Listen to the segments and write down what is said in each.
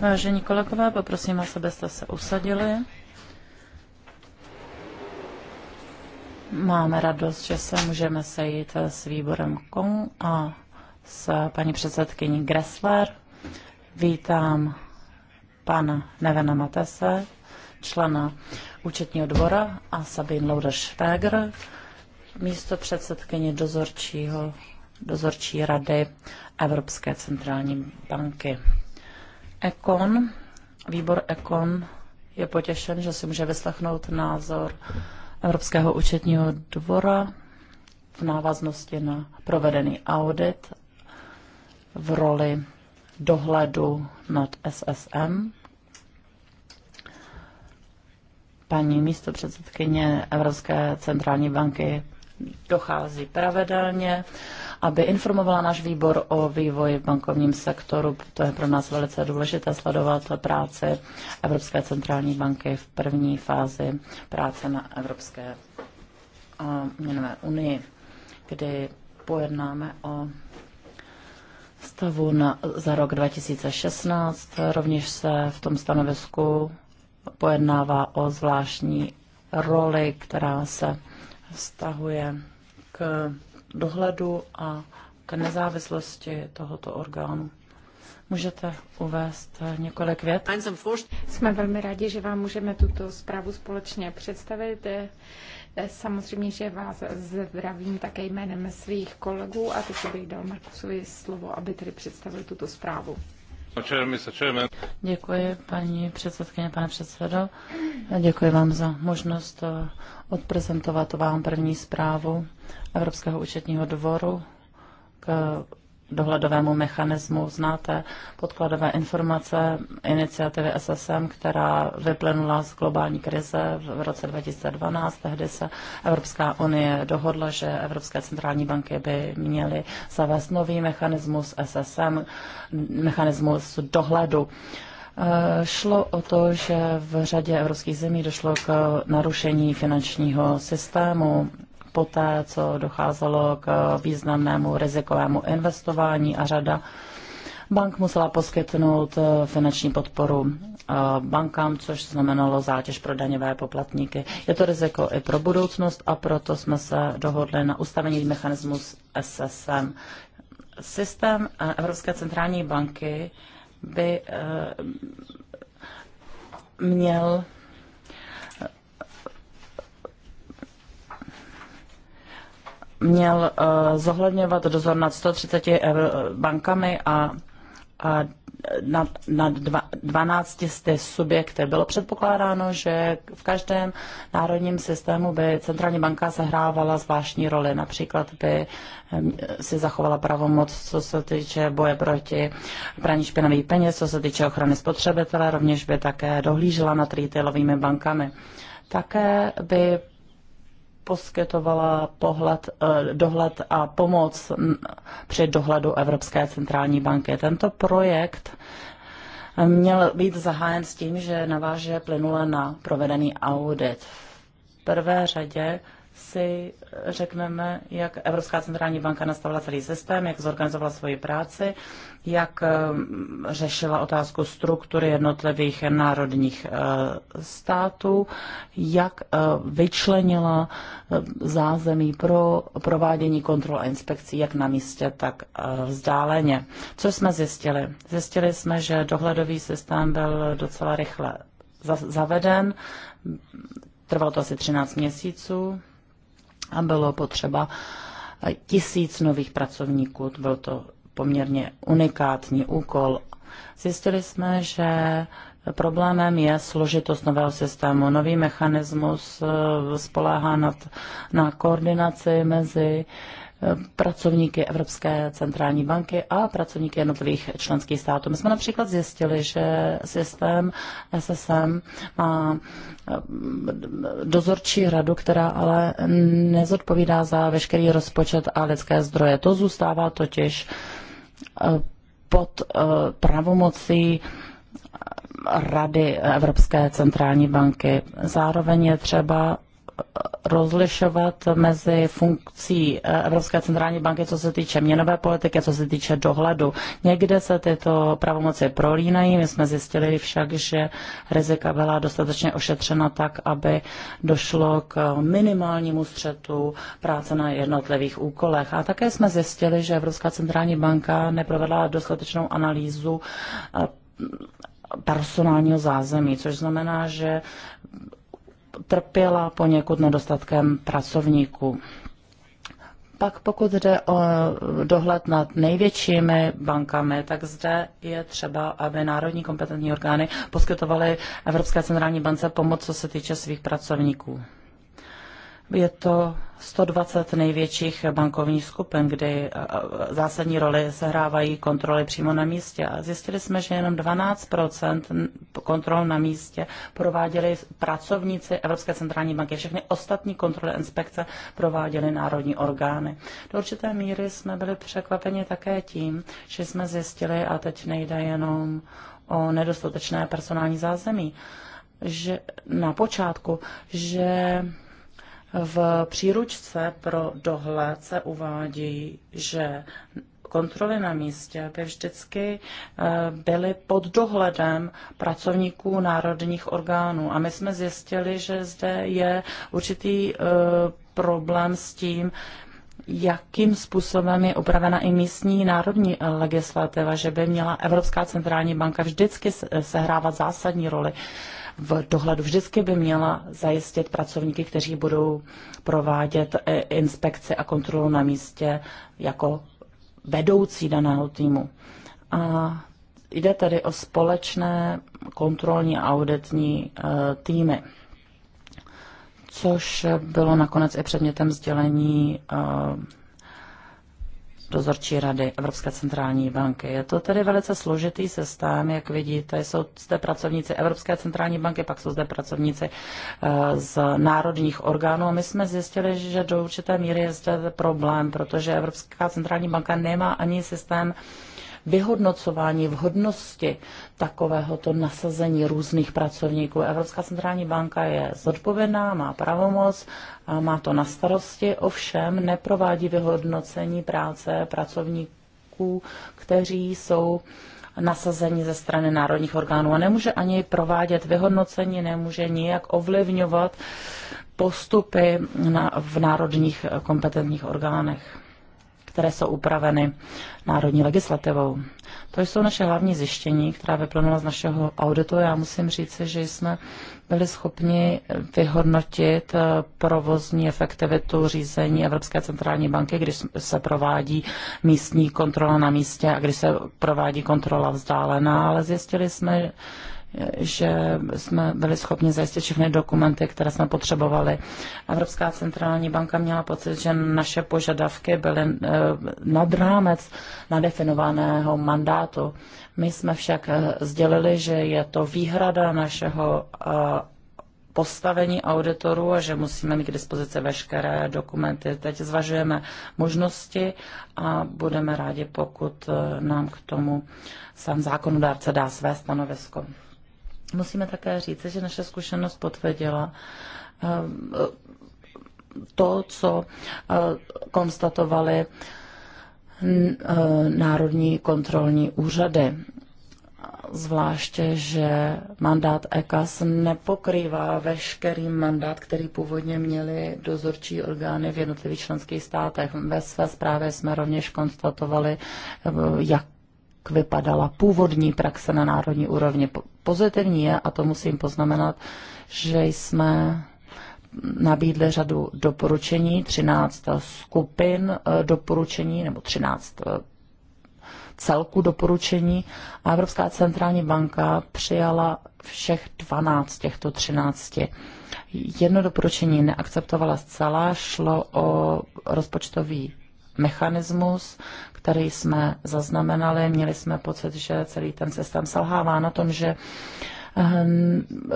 Vážení kolegové, poprosím vás, abyste se usadili. Máme radost, že se můžeme sejít s výborem Kong a s paní předsedkyní Gressler. Vítám pana Nevena Matese, člena účetního dvora a Sabine Lauder-Schweger, místo předsedkyně dozorčího, dozorčí rady Evropské centrální banky. Ekon, výbor Ekon je potěšen, že si může vyslechnout názor Evropského účetního dvora v návaznosti na provedený audit v roli dohledu nad SSM. Paní místo předsedkyně Evropské centrální banky dochází pravidelně, aby informovala náš výbor o vývoji v bankovním sektoru. To je pro nás velice důležité sledovat práci Evropské centrální banky v první fázi práce na Evropské měnové unii, kdy pojednáme o stavu na, za rok 2016. Rovněž se v tom stanovisku pojednává o zvláštní roli, která se vztahuje k dohledu a k nezávislosti tohoto orgánu. Můžete uvést několik vět? Jsme velmi rádi, že vám můžeme tuto zprávu společně představit. Samozřejmě, že vás zdravím také jménem svých kolegů a teď bych dal Markusovi slovo, aby tedy představil tuto zprávu. Děkuji, paní předsedkyně, pane předsedo. Děkuji vám za možnost eh, odprezentovat vám první zprávu Evropského účetního dvoru k dohledovému mechanismu. Znáte podkladové informace iniciativy SSM, která vyplynula z globální krize v roce 2012. Tehdy se Evropská unie dohodla, že Evropské centrální banky by měly zavést nový mechanismus SSM, mechanismus dohledu. Eh, šlo o to, že v řadě evropských zemí došlo k narušení finančního systému poté, co docházelo k významnému rizikovému investování a řada bank musela poskytnout eh, finanční podporu eh, bankám, což znamenalo zátěž pro daňové poplatníky. Je to riziko i pro budoucnost a proto jsme se dohodli na ustavení mechanismus SSM. Systém eh, Evropské centrální banky by měl měl eh, zohledňovat dozor nad 130 eh, bankami a, a nad, nad 12 subjekty. Bylo předpokládáno, že v každém národním systému by centrální banka sehrávala zvláštní roli. Například by eh, si zachovala pravomoc, co se týče boje proti praní špinavých peněz, co se týče ochrany spotřebitele, rovněž by také dohlížela nad retailovými bankami. Také by poskytovala pohled, eh, dohled a pomoc při dohledu Evropské centrální banky. Tento projekt eh, měl být zahájen s tím, že naváže plynule na provedený audit. V prvé řadě si řekneme, jak Evropská centrální banka nastavila celý systém, jak zorganizovala svoji práci, jak eh, řešila otázku struktury jednotlivých národních eh, států, jak eh, vyčlenila zázemí pro provádění kontrol a inspekcí jak na místě, tak vzdáleně. Co jsme zjistili? Zjistili jsme, že dohledový systém byl docela rychle zaveden. Trvalo to asi 13 měsíců, a bylo potřeba eh, tisíc nových pracovníků. Byl to poměrně unikátní úkol. Zjistili jsme, že Problémem je složitost nového systému. Nový mechanismus eh, spoléhá na koordinaci mezi pracovníky Evropské centrální banky a pracovníky jednotlivých členských států. My jsme například zjistili, že systém SSM má eh, dozorčí radu, která ale nezodpovídá za veškerý rozpočet a lidské zdroje. To zůstává totiž eh, pod eh, pravomocí Rady Evropské centrální banky. Zároveň je třeba rozlišovat mezi funkcí eh, Evropské centrální banky, co se týče měnové politiky, co se týče dohledu. Někde se tyto pravomoci prolínají, my jsme zjistili však, že rizika byla dostatečně ošetřena tak, aby došlo k minimálnímu střetu práce na jednotlivých úkolech. A také jsme zjistili, že Evropská centrální banka neprovedla dostatečnou analýzu eh, personálního zázemí, což znamená, že trpěla poněkud nedostatkem pracovníků. Pak pokud jde o dohled nad největšími bankami, tak zde je třeba, aby národní kompetentní orgány poskytovaly Evropské centrální bance pomoc, co se týče svých pracovníků. Je to 120 největších bankovních skupin, kdy eh, eh, zásadní roli sehrávají kontroly přímo na místě. A zjistili jsme, že jenom 12 kontrol na místě prováděli pracovníci Evropské centrální banky. Všechny ostatní kontroly inspekce prováděly národní orgány. Do určité míry jsme byli překvapeni také tím, že jsme zjistili, a teď nejde jenom o nedostatečné personální zázemí, že na počátku, že v příručce pro dohled se uvádí, že kontroly na místě by vždycky eh, byly pod dohledem pracovníků národních orgánů. A my jsme zjistili, že zde je určitý eh, problém s tím, jakým způsobem je upravena i místní národní eh, legislativa, že by měla Evropská centrální banka vždycky sehrávat zásadní roli v dohledu. Vždycky by měla zajistit pracovníky, kteří budou provádět e, inspekci a kontrolu na místě jako vedoucí daného týmu. A jde tedy o společné kontrolní a auditní e, týmy což bylo nakonec i předmětem sdělení e, dozorčí rady Evropské centrální banky. Je to tedy velice složitý systém, jak vidíte, jsou zde pracovníci Evropské centrální banky, pak jsou zde pracovníci eh, z národních orgánů a my jsme zjistili, že do určité míry je zde problém, protože Evropská centrální banka nemá ani systém vyhodnocování vhodnosti takovéhoto nasazení různých pracovníků. Evropská centrální banka je zodpovědná, má pravomoc, a má to na starosti, ovšem neprovádí vyhodnocení práce pracovníků, kteří jsou nasazení ze strany národních orgánů a nemůže ani provádět vyhodnocení, nemůže nijak ovlivňovat postupy na, v národních kompetentních orgánech které jsou upraveny národní legislativou. To jsou naše hlavní zjištění, která vyplnula z našeho auditu. Já musím říct, že jsme byli schopni vyhodnotit eh, provozní efektivitu řízení Evropské centrální banky, když se provádí místní kontrola na místě a když se provádí kontrola vzdálená, ale zjistili jsme, že jsme byli schopni zajistit všechny dokumenty, které jsme potřebovali. Evropská centrální banka měla pocit, že naše požadavky byly eh, nad rámec nadefinovaného mandátu. My jsme však eh, sdělili, že je to výhrada našeho eh, postavení auditorů a že musíme mít k dispozici veškeré dokumenty. Teď zvažujeme možnosti a budeme rádi, pokud nám k tomu sám zákonodárce dá své stanovisko. Musíme také říct, že naše zkušenost potvrdila eh, to, co eh, konstatovali eh, národní kontrolní úřady. Zvláště, že mandát EKAS nepokrývá veškerý mandát, který původně měly dozorčí orgány v jednotlivých členských státech. Ve své zprávě jsme rovněž konstatovali, jak vypadala původní praxe na národní úrovni. Pozitivní je, a to musím poznamenat, že jsme nabídli řadu doporučení, 13 skupin eh, doporučení nebo 13 eh, celku doporučení a Evropská centrální banka přijala všech 12 těchto 13. Jedno doporučení neakceptovala zcela, šlo o rozpočtový mechanismus, který jsme zaznamenali. Měli jsme pocit, že celý ten systém selhává na tom, že eh,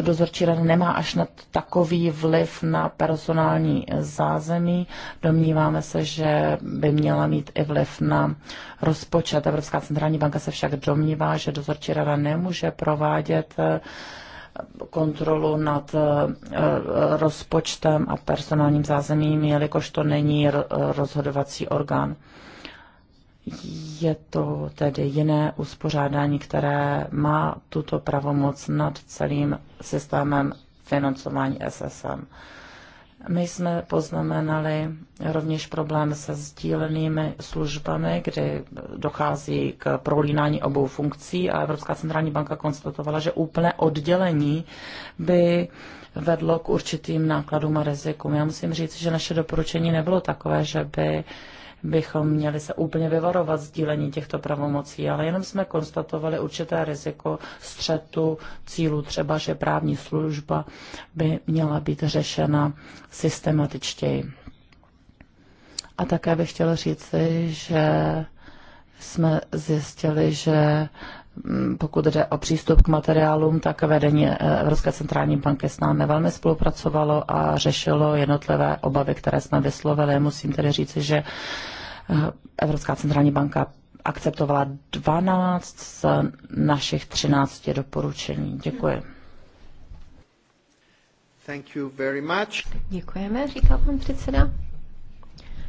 dozorčí rada nemá až na takový vliv na personální eh, zázemí. Domníváme se, že by měla mít i vliv na rozpočet. Evropská centrální banka se však domnívá, že dozorčí rada nemůže provádět eh, kontrolu nad eh, eh, rozpočtem a personálním zázemím, jelikož to není rozhodovací orgán. Je to tedy jiné uspořádání, které má tuto pravomoc nad celým systémem financování SSM. My jsme poznamenali rovněž problém se sdílenými službami, kdy dochází k prolínání obou funkcí a Evropská centrální banka konstatovala, že úplné oddělení by vedlo k určitým nákladům a rizikům. Já musím říct, že naše doporučení nebylo takové, že by bychom měli se úplně vyvarovat sdílení těchto pravomocí, ale jenom jsme konstatovali určité riziko střetu cílů, třeba že právní služba by měla být řešena systematičtěji. A také bych chtěla říci, že jsme zjistili, že Mm, pokud jde o přístup k materiálům, tak vedení eh, Evropské centrální banky s námi velmi spolupracovalo a řešilo jednotlivé obavy, které jsme vyslovili. Musím tedy říci, že eh, Evropská centrální banka akceptovala 12 z našich 13 doporučení. Děkuji. Thank you very much. Děkujeme, říkal pan předseda.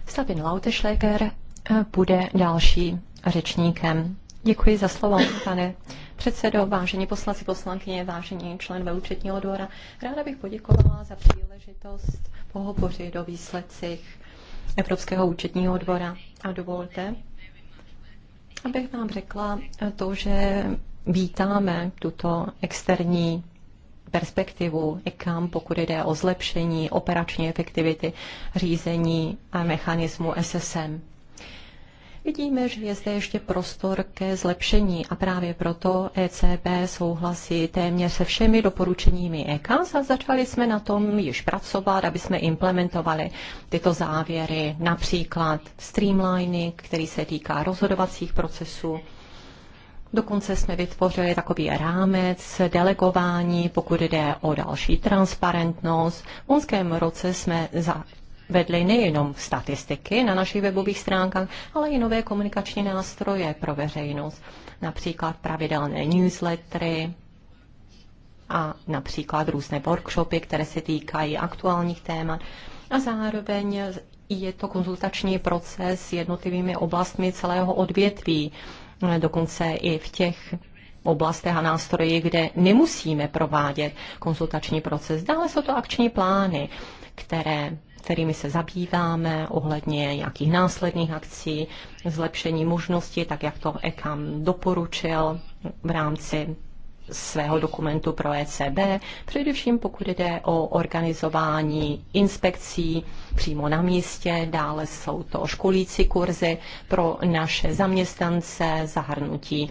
Slavin Lauteschläger eh, bude další řečníkem Děkuji za slovo, pane předsedo, vážení poslanci, poslankyně, vážení členové účetního dvora. Ráda bych poděkovala za příležitost pohovořit o výsledcích Evropského účetního dvora. A dovolte, abych vám řekla to, že vítáme tuto externí perspektivu kam pokud jde o zlepšení operační efektivity řízení a mechanismu SSM. Vidíme, že je zde ještě prostor ke zlepšení a právě proto ECB souhlasí téměř se všemi doporučeními EK. a začali jsme na tom již pracovat, aby jsme implementovali tyto závěry, například streamlining, který se týká rozhodovacích procesů, Dokonce jsme vytvořili takový rámec delegování, pokud jde o další transparentnost. V loňském roce jsme za, vedli nejenom statistiky na našich webových stránkách, ale i nové komunikační nástroje pro veřejnost, například pravidelné newslettery a například různé workshopy, které se týkají aktuálních témat. A zároveň je to konzultační proces s jednotlivými oblastmi celého odvětví, dokonce i v těch oblastech a nástroji, kde nemusíme provádět konzultační proces. Dále jsou to akční plány, které kterými se zabýváme ohledně nějakých následných akcí, zlepšení možností, tak jak to EKAM doporučil v rámci svého dokumentu pro ECB, především pokud jde o organizování inspekcí přímo na místě, dále jsou to školící kurzy pro naše zaměstnance, zahrnutí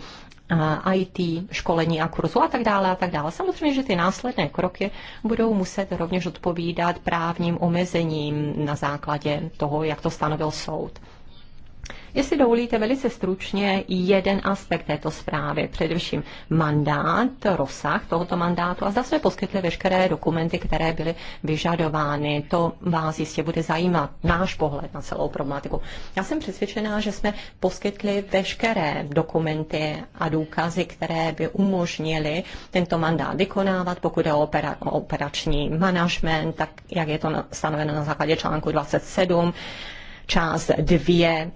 Eh, IT, školení a kurzu a tak dále a tak dále. Samozřejmě, že ty následné kroky budou muset rovněž odpovídat právním omezením na základě toho, jak to stanovil soud. Jestli dovolíte velice stručně jeden aspekt této zprávy, především mandát, rozsah tohoto mandátu a zda jsme poskytli veškeré dokumenty, které byly vyžadovány. To vás jistě bude zajímat, náš pohled na celou problematiku. Já jsem přesvědčená, že jsme poskytli veškeré dokumenty a důkazy, které by umožnily tento mandát vykonávat, pokud je o, opera, o operační management, tak jak je to stanoveno na základě článku 27 část 2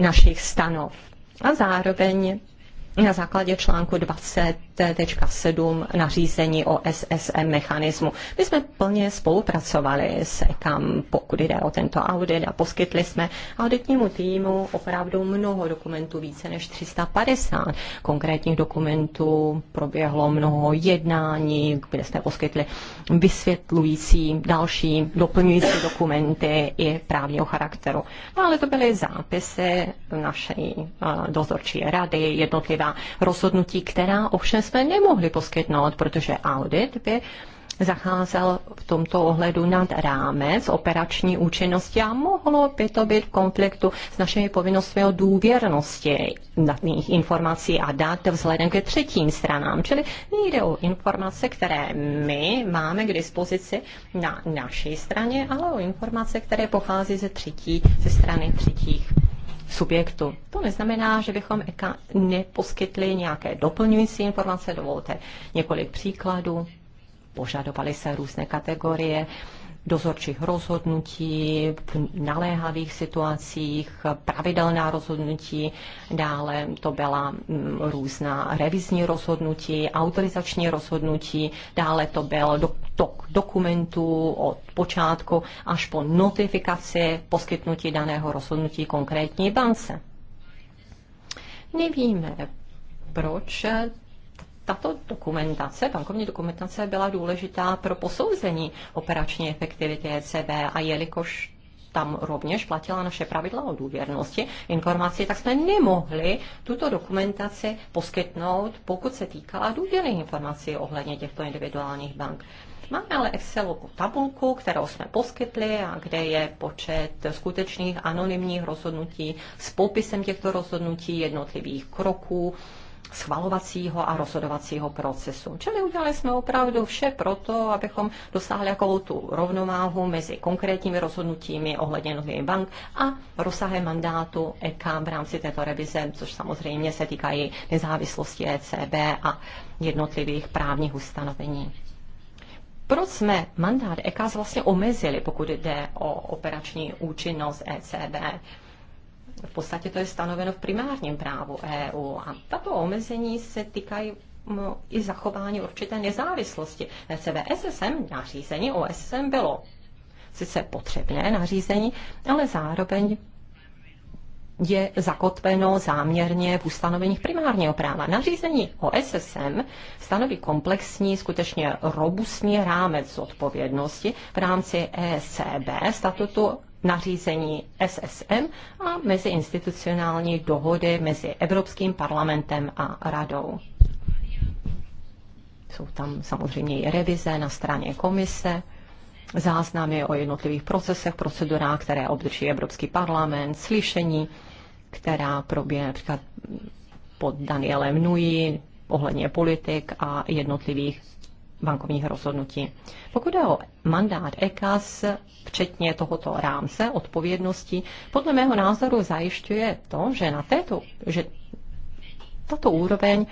našich stanov. A zároveň na základě článku 20.7 nařízení o SSM mechanismu. My jsme plně spolupracovali s EKAM, pokud jde o tento audit a poskytli jsme auditnímu týmu opravdu mnoho dokumentů, více než 350 konkrétních dokumentů, proběhlo mnoho jednání, kde jsme poskytli vysvětlující další doplňující dokumenty i právního charakteru. No, ale to byly zápisy naší eh, dozorčí rady, jednotlivé jednotlivá rozhodnutí, která ovšem jsme nemohli poskytnout, protože audit by zacházel v tomto ohledu nad rámec operační účinnosti a mohlo by to být v konfliktu s našimi povinnostmi o důvěrnosti daných informací a dat vzhledem ke třetím stranám. Čili nejde o informace, které my máme k dispozici na naší straně, ale o informace, které pochází ze třetí, ze strany třetích subjektu. To neznamená, že bychom EKA neposkytli nějaké doplňující informace. Dovolte několik příkladů. Požadovaly se různé kategorie dozorčích rozhodnutí, v naléhavých situacích, pravidelná rozhodnutí, dále to byla mm, různá revizní rozhodnutí, autorizační rozhodnutí, dále to byl tok dokumentů od počátku až po notifikaci poskytnutí daného rozhodnutí konkrétní bance. Nevíme, proč tato dokumentace, bankovní dokumentace byla důležitá pro posouzení operační efektivity ECB a jelikož tam rovněž platila naše pravidla o důvěrnosti informací, tak jsme nemohli tuto dokumentaci poskytnout, pokud se týkala důvěrných informací ohledně těchto individuálních bank. Máme ale Excelovou tabulku, kterou jsme poskytli a kde je počet skutečných anonymních rozhodnutí s popisem těchto rozhodnutí, jednotlivých kroků, schvalovacího a rozhodovacího procesu. Čili udělali jsme opravdu vše proto, abychom dosáhli jakou tu rovnováhu mezi konkrétními rozhodnutími ohledně nových bank a rozsahem mandátu EK v rámci této revize, což samozřejmě se týká i nezávislosti ECB a jednotlivých právních ustanovení proč jsme mandát EKAS vlastně omezili, pokud jde o operační účinnost ECB v podstatě to je stanoveno v primárním právu EU a tato omezení se týkají mm, i zachování určité nezávislosti. ECB SSM nařízení o SSM bylo sice potřebné nařízení, ale zároveň je zakotveno záměrně v ustanoveních primárního práva. Nařízení o SSM stanoví komplexní, skutečně robustní rámec odpovědnosti v rámci ECB statutu nařízení SSM a meziinstitucionální dohody mezi Evropským parlamentem a radou. Jsou tam samozřejmě i revize na straně komise, záznamy o jednotlivých procesech, procedurách, které obdrží Evropský parlament, slyšení, která proběhne například pod Danielem Nui ohledně politik a jednotlivých bankovních rozhodnutí. Pokud je o mandát EKAS, včetně tohoto rámce odpovědnosti, podle mého názoru zajišťuje to, že na této, že tato úroveň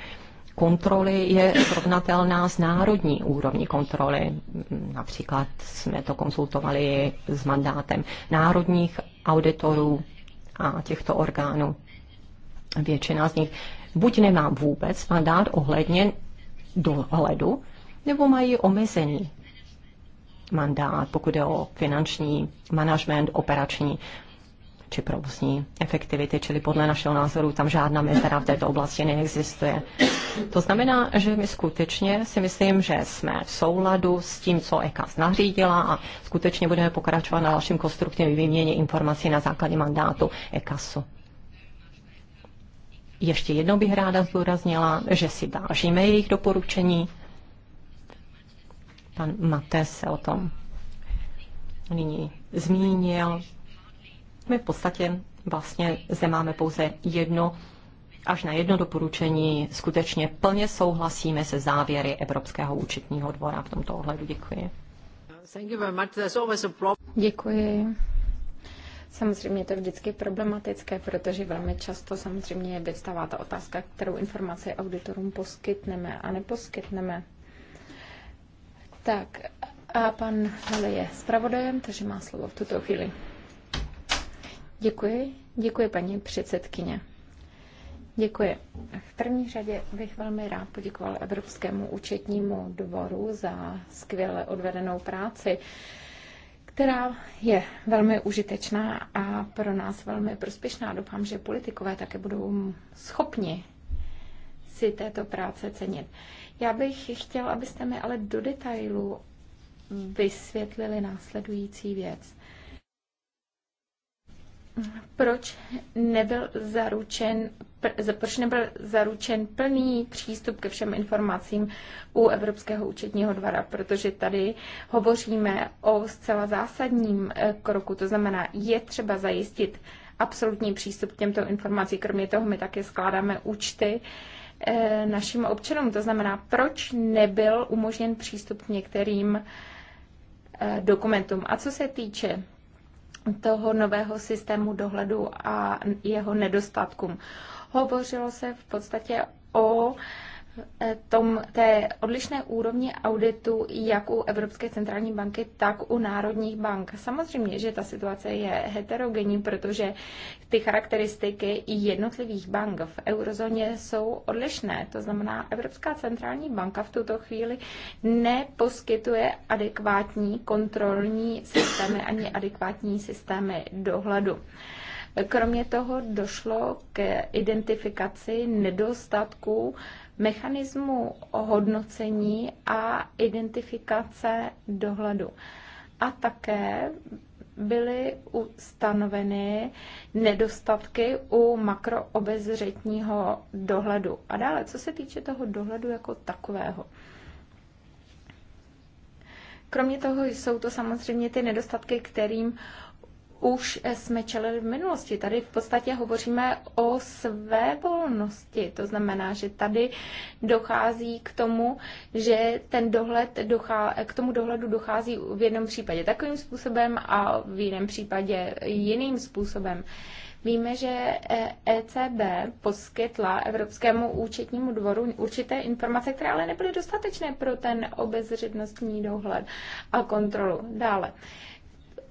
kontroly je srovnatelná s národní úrovní kontroly. Například jsme to konzultovali s mandátem národních auditorů a těchto orgánů. Většina z nich buď nemá vůbec mandát ohledně dohledu nebo mají omezený mandát, pokud je o finanční management, operační či provozní efektivity, čili podle našeho názoru tam žádná mezera v této oblasti neexistuje. To znamená, že my skutečně si myslím, že jsme v souladu s tím, co EKAS nařídila a skutečně budeme pokračovat na dalším konstruktivním výměně informací na základě mandátu EKASu. Ještě jednou bych ráda zdůraznila, že si vážíme jejich doporučení Pan Mate se o tom nyní zmínil. My v podstatě vlastně zde máme pouze jedno až na jedno doporučení skutečně plně souhlasíme se závěry Evropského účetního dvora v tomto ohledu. Děkuji. Děkuji. Samozřejmě je to vždycky problematické, protože velmi často samozřejmě vystává ta otázka, kterou informaci auditorům poskytneme a neposkytneme. Tak a pan Hale je zpravodajem, takže má slovo v tuto chvíli. Děkuji, děkuji paní předsedkyně. Děkuji. V první řadě bych velmi rád poděkoval Evropskému účetnímu dvoru za skvěle odvedenou práci, která je velmi užitečná a pro nás velmi prospěšná. Doufám, že politikové také budou schopni si této práce cenit. Já bych chtěl, abyste mi ale do detailu vysvětlili následující věc. Proč nebyl zaručen proč nebyl zaručen plný přístup ke všem informacím u Evropského účetního dvora, protože tady hovoříme o zcela zásadním eh, kroku, to znamená, je třeba zajistit absolutní přístup k těmto informacím. Kromě toho my také skládáme účty Eh, našim občanům. To znamená, proč nebyl umožněn přístup k některým eh, dokumentům. A co se týče toho nového systému dohledu a jeho nedostatkům. Hovořilo se v podstatě o Eh, tom, té odlišné úrovni auditu jak u Evropské centrální banky, tak u národních bank. Samozřejmě, že ta situace je heterogenní, protože ty charakteristiky jednotlivých bank v eurozóně jsou odlišné. To znamená, Evropská centrální banka v tuto chvíli neposkytuje adekvátní kontrolní systémy ani adekvátní systémy dohledu. Kromě toho došlo k identifikaci nedostatků mechanismu hodnocení a identifikace dohledu. A také byly ustanoveny nedostatky u makroobezřetního dohledu. A dále, co se týče toho dohledu jako takového. Kromě toho jsou to samozřejmě ty nedostatky, kterým už jsme čelili v minulosti. Tady v podstatě hovoříme o své volnosti. To znamená, že tady dochází k tomu, že ten dohled dochá, k tomu dohledu dochází v jednom případě takovým způsobem a v jiném případě jiným způsobem. Víme, že ECB poskytla Evropskému účetnímu dvoru určité informace, které ale nebyly dostatečné pro ten obezřednostní dohled a kontrolu. Dále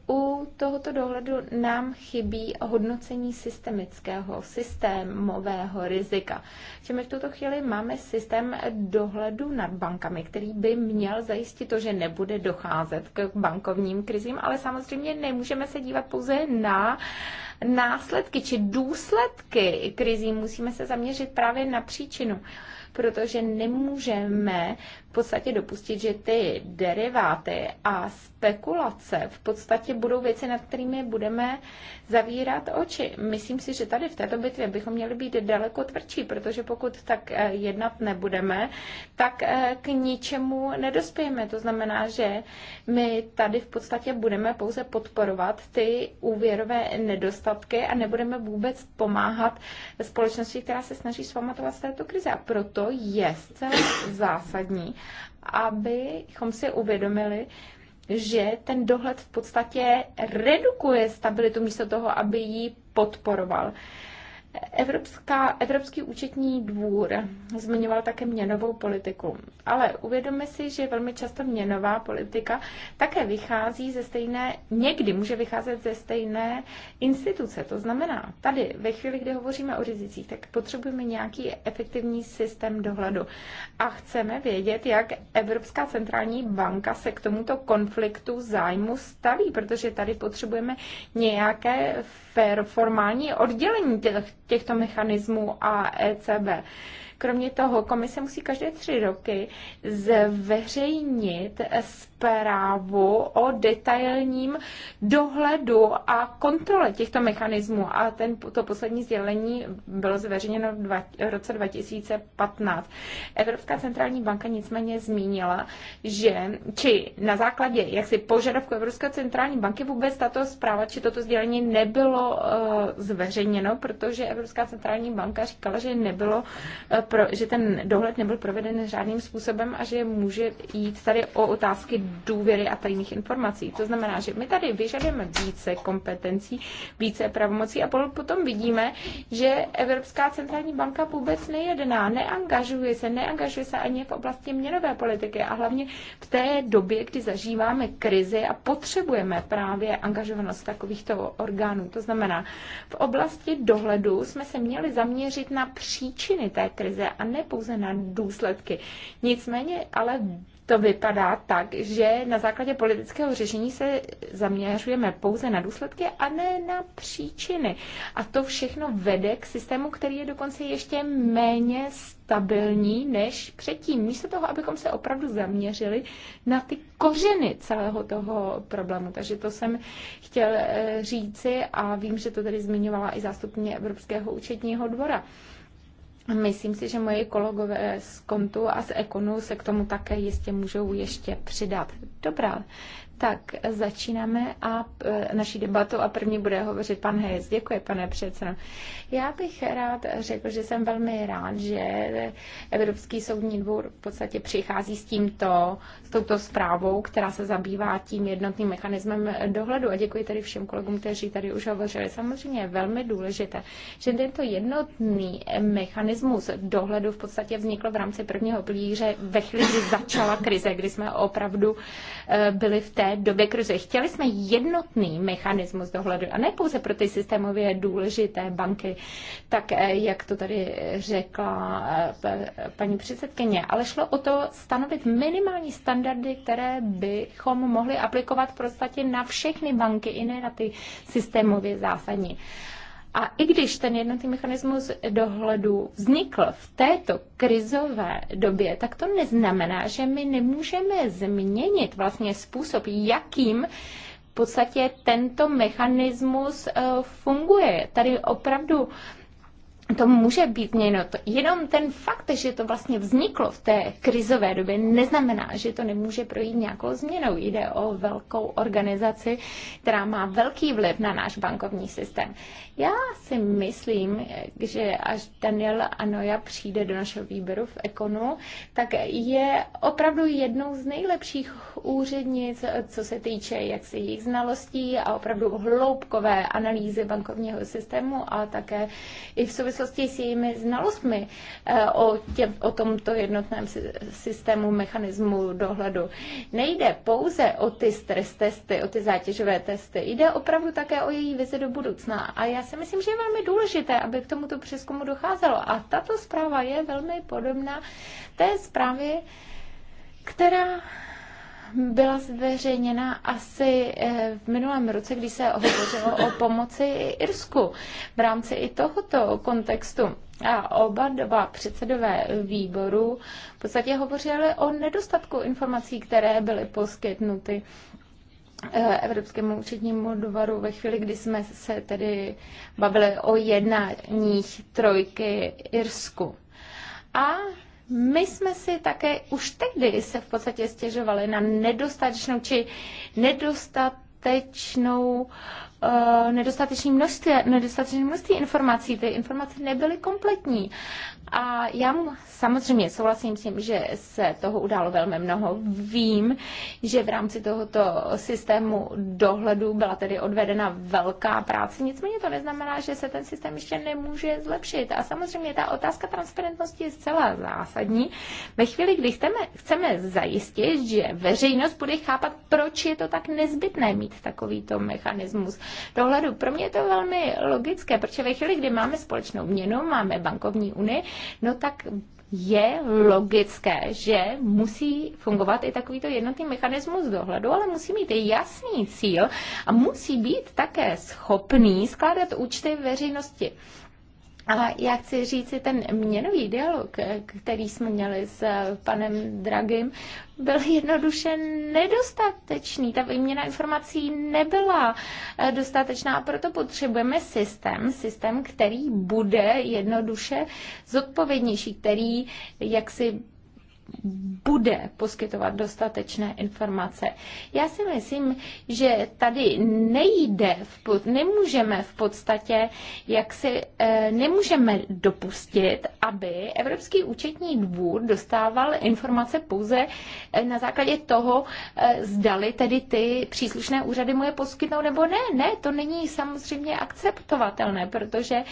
u tohoto dohledu nám chybí hodnocení systemického, systémového rizika. Že my v tuto chvíli máme systém dohledu nad bankami, který by měl zajistit to, že nebude docházet k bankovním krizím, ale samozřejmě nemůžeme se dívat pouze na následky či důsledky krizí. Musíme se zaměřit právě na příčinu protože nemůžeme v podstatě dopustit, že ty deriváty a spekulace v podstatě budou věci, nad kterými budeme zavírat oči. Myslím si, že tady v této bitvě bychom měli být daleko tvrdší, protože pokud tak eh, jednat nebudeme, tak eh, k ničemu nedospějeme. To znamená, že my tady v podstatě budeme pouze podporovat ty úvěrové nedostatky a nebudeme vůbec pomáhat společnosti, která se snaží svamatovat z této krize. A proto je zcela zásadní, abychom si uvědomili, že ten dohled v podstatě redukuje stabilitu místo toho, aby ji podporoval. Evropská, Evropský účetní dvůr zmiňoval také měnovou politiku, ale uvědomme si, že velmi často měnová politika také vychází ze stejné, někdy může vycházet ze stejné instituce. To znamená, tady ve chvíli, kdy hovoříme o rizicích, tak potřebujeme nějaký efektivní systém dohledu a chceme vědět, jak Evropská centrální banka se k tomuto konfliktu zájmu staví, protože tady potřebujeme nějaké formální oddělení těch těchto mechanismů a ECB. Kromě toho komise musí každé tři roky zveřejnit zprávu o detailním dohledu a kontrole těchto mechanismů. A ten, to poslední sdělení bylo zveřejněno v, dva, v roce 2015. Evropská centrální banka nicméně zmínila, že či na základě jaksi požadavku Evropské centrální banky vůbec tato zpráva či toto sdělení nebylo uh, zveřejněno, protože Evropská centrální banka říkala, že nebylo, uh, pro, že ten dohled nebyl proveden žádným způsobem a že může jít tady o otázky důvěry a tajných informací. To znamená, že my tady vyžadujeme více kompetencí, více pravomocí a potom vidíme, že Evropská centrální banka vůbec nejedná, neangažuje se, neangažuje se ani v oblasti měnové politiky a hlavně v té době, kdy zažíváme krizi a potřebujeme právě angažovanost takovýchto orgánů. To znamená, v oblasti dohledu jsme se měli zaměřit na příčiny té krize a ne pouze na důsledky. Nicméně ale to vypadá tak, že na základě politického řešení se zaměřujeme pouze na důsledky a ne na příčiny. A to všechno vede k systému, který je dokonce ještě méně stabilní než předtím. Místo toho, abychom se opravdu zaměřili na ty kořeny celého toho problému. Takže to jsem chtěl eh, říci a vím, že to tady zmiňovala i zástupně Evropského účetního dvora. Myslím si, že moji kolegové z Kontu a z Ekonu se k tomu také jistě můžou ještě přidat. Dobrá, tak začínáme a e, naší debatu a první bude hovořit pan Hejs. Děkuji, pane předsedo. Já bych rád řekl, že jsem velmi rád, že Evropský soudní dvůr v podstatě přichází s tímto, s touto zprávou, která se zabývá tím jednotným mechanismem dohledu. A děkuji tady všem kolegům, kteří tady už hovořili. Samozřejmě je velmi důležité, že tento jednotný mechanismus dohledu v podstatě vznikl v rámci prvního plíře ve chvíli, kdy začala krize, kdy jsme opravdu e, byli v té té době krize. Chtěli jsme jednotný mechanismus dohledu a ne pouze pro ty systémově důležité banky, tak eh, jak to tady řekla eh, paní předsedkyně, ale šlo o to stanovit minimální standardy, které bychom mohli aplikovat v podstatě na všechny banky, i ne na ty systémově zásadní. A i když ten jednotný mechanismus dohledu vznikl v této krizové době, tak to neznamená, že my nemůžeme změnit vlastně způsob, jakým v podstatě tento mechanismus eh, funguje. Tady opravdu to může být měno. Jenom ten fakt, že to vlastně vzniklo v té krizové době, neznamená, že to nemůže projít nějakou změnou. Jde o velkou organizaci, která má velký vliv na náš bankovní systém. Já si myslím, že až Daniel Anoja přijde do našeho výběru v Ekonu, tak je opravdu jednou z nejlepších úřednic, co se týče jaksi jejich znalostí a opravdu hloubkové analýzy bankovního systému a také i v souvislosti souvislosti s jejími znalostmi eh, o, tě, o tomto jednotném systému mechanismu dohledu. Nejde pouze o ty stres testy, o ty zátěžové testy, jde opravdu také o její vizi do budoucna. A já si myslím, že je velmi důležité, aby k tomuto přeskumu docházelo. A tato zpráva je velmi podobná té zprávě, která byla zveřejněna asi eh, v minulém roce, kdy se hovořilo o pomoci Irsku v rámci i tohoto kontextu. A oba dva předsedové výboru v podstatě hovořili o nedostatku informací, které byly poskytnuty eh, Evropskému účetnímu dvoru ve chvíli, kdy jsme se tedy bavili o jednáních trojky Irsku. A my jsme si také už tehdy se v podstatě stěžovali na nedostatečnou či nedostatečnou Eh, nedostatečné množství, nedostatečné množství informací. Ty informace nebyly kompletní. A já mu samozřejmě souhlasím s tím, že se toho událo velmi mnoho. Vím, že v rámci tohoto systému dohledu byla tedy odvedena velká práce. Nicméně to neznamená, že se ten systém ještě nemůže zlepšit. A samozřejmě ta otázka transparentnosti je zcela zásadní. Ve chvíli, kdy chceme, chceme zajistit, že veřejnost bude chápat, proč je to tak nezbytné mít takovýto mechanismus dohledu. Pro mě je to velmi logické, protože ve chvíli, kdy máme společnou měnu, máme bankovní unii, no tak je logické, že musí fungovat i takovýto jednotný mechanismus dohledu, ale musí mít jasný cíl a musí být také schopný skládat účty veřejnosti. A já chci říct, ten měnový dialog, který jsme měli s eh, panem Dragim, byl jednoduše nedostatečný. Ta výměna informací nebyla eh, dostatečná proto potřebujeme systém, systém, který bude jednoduše zodpovědnější, který jaksi bude poskytovat dostatečné informace. Já si myslím, že tady nejde, v pod, nemůžeme v podstatě, jak si eh, nemůžeme dopustit, aby Evropský účetní dvůr dostával informace pouze eh, na základě toho, eh, zdali tedy ty příslušné úřady mu je poskytnou nebo ne. Ne, to není samozřejmě akceptovatelné, protože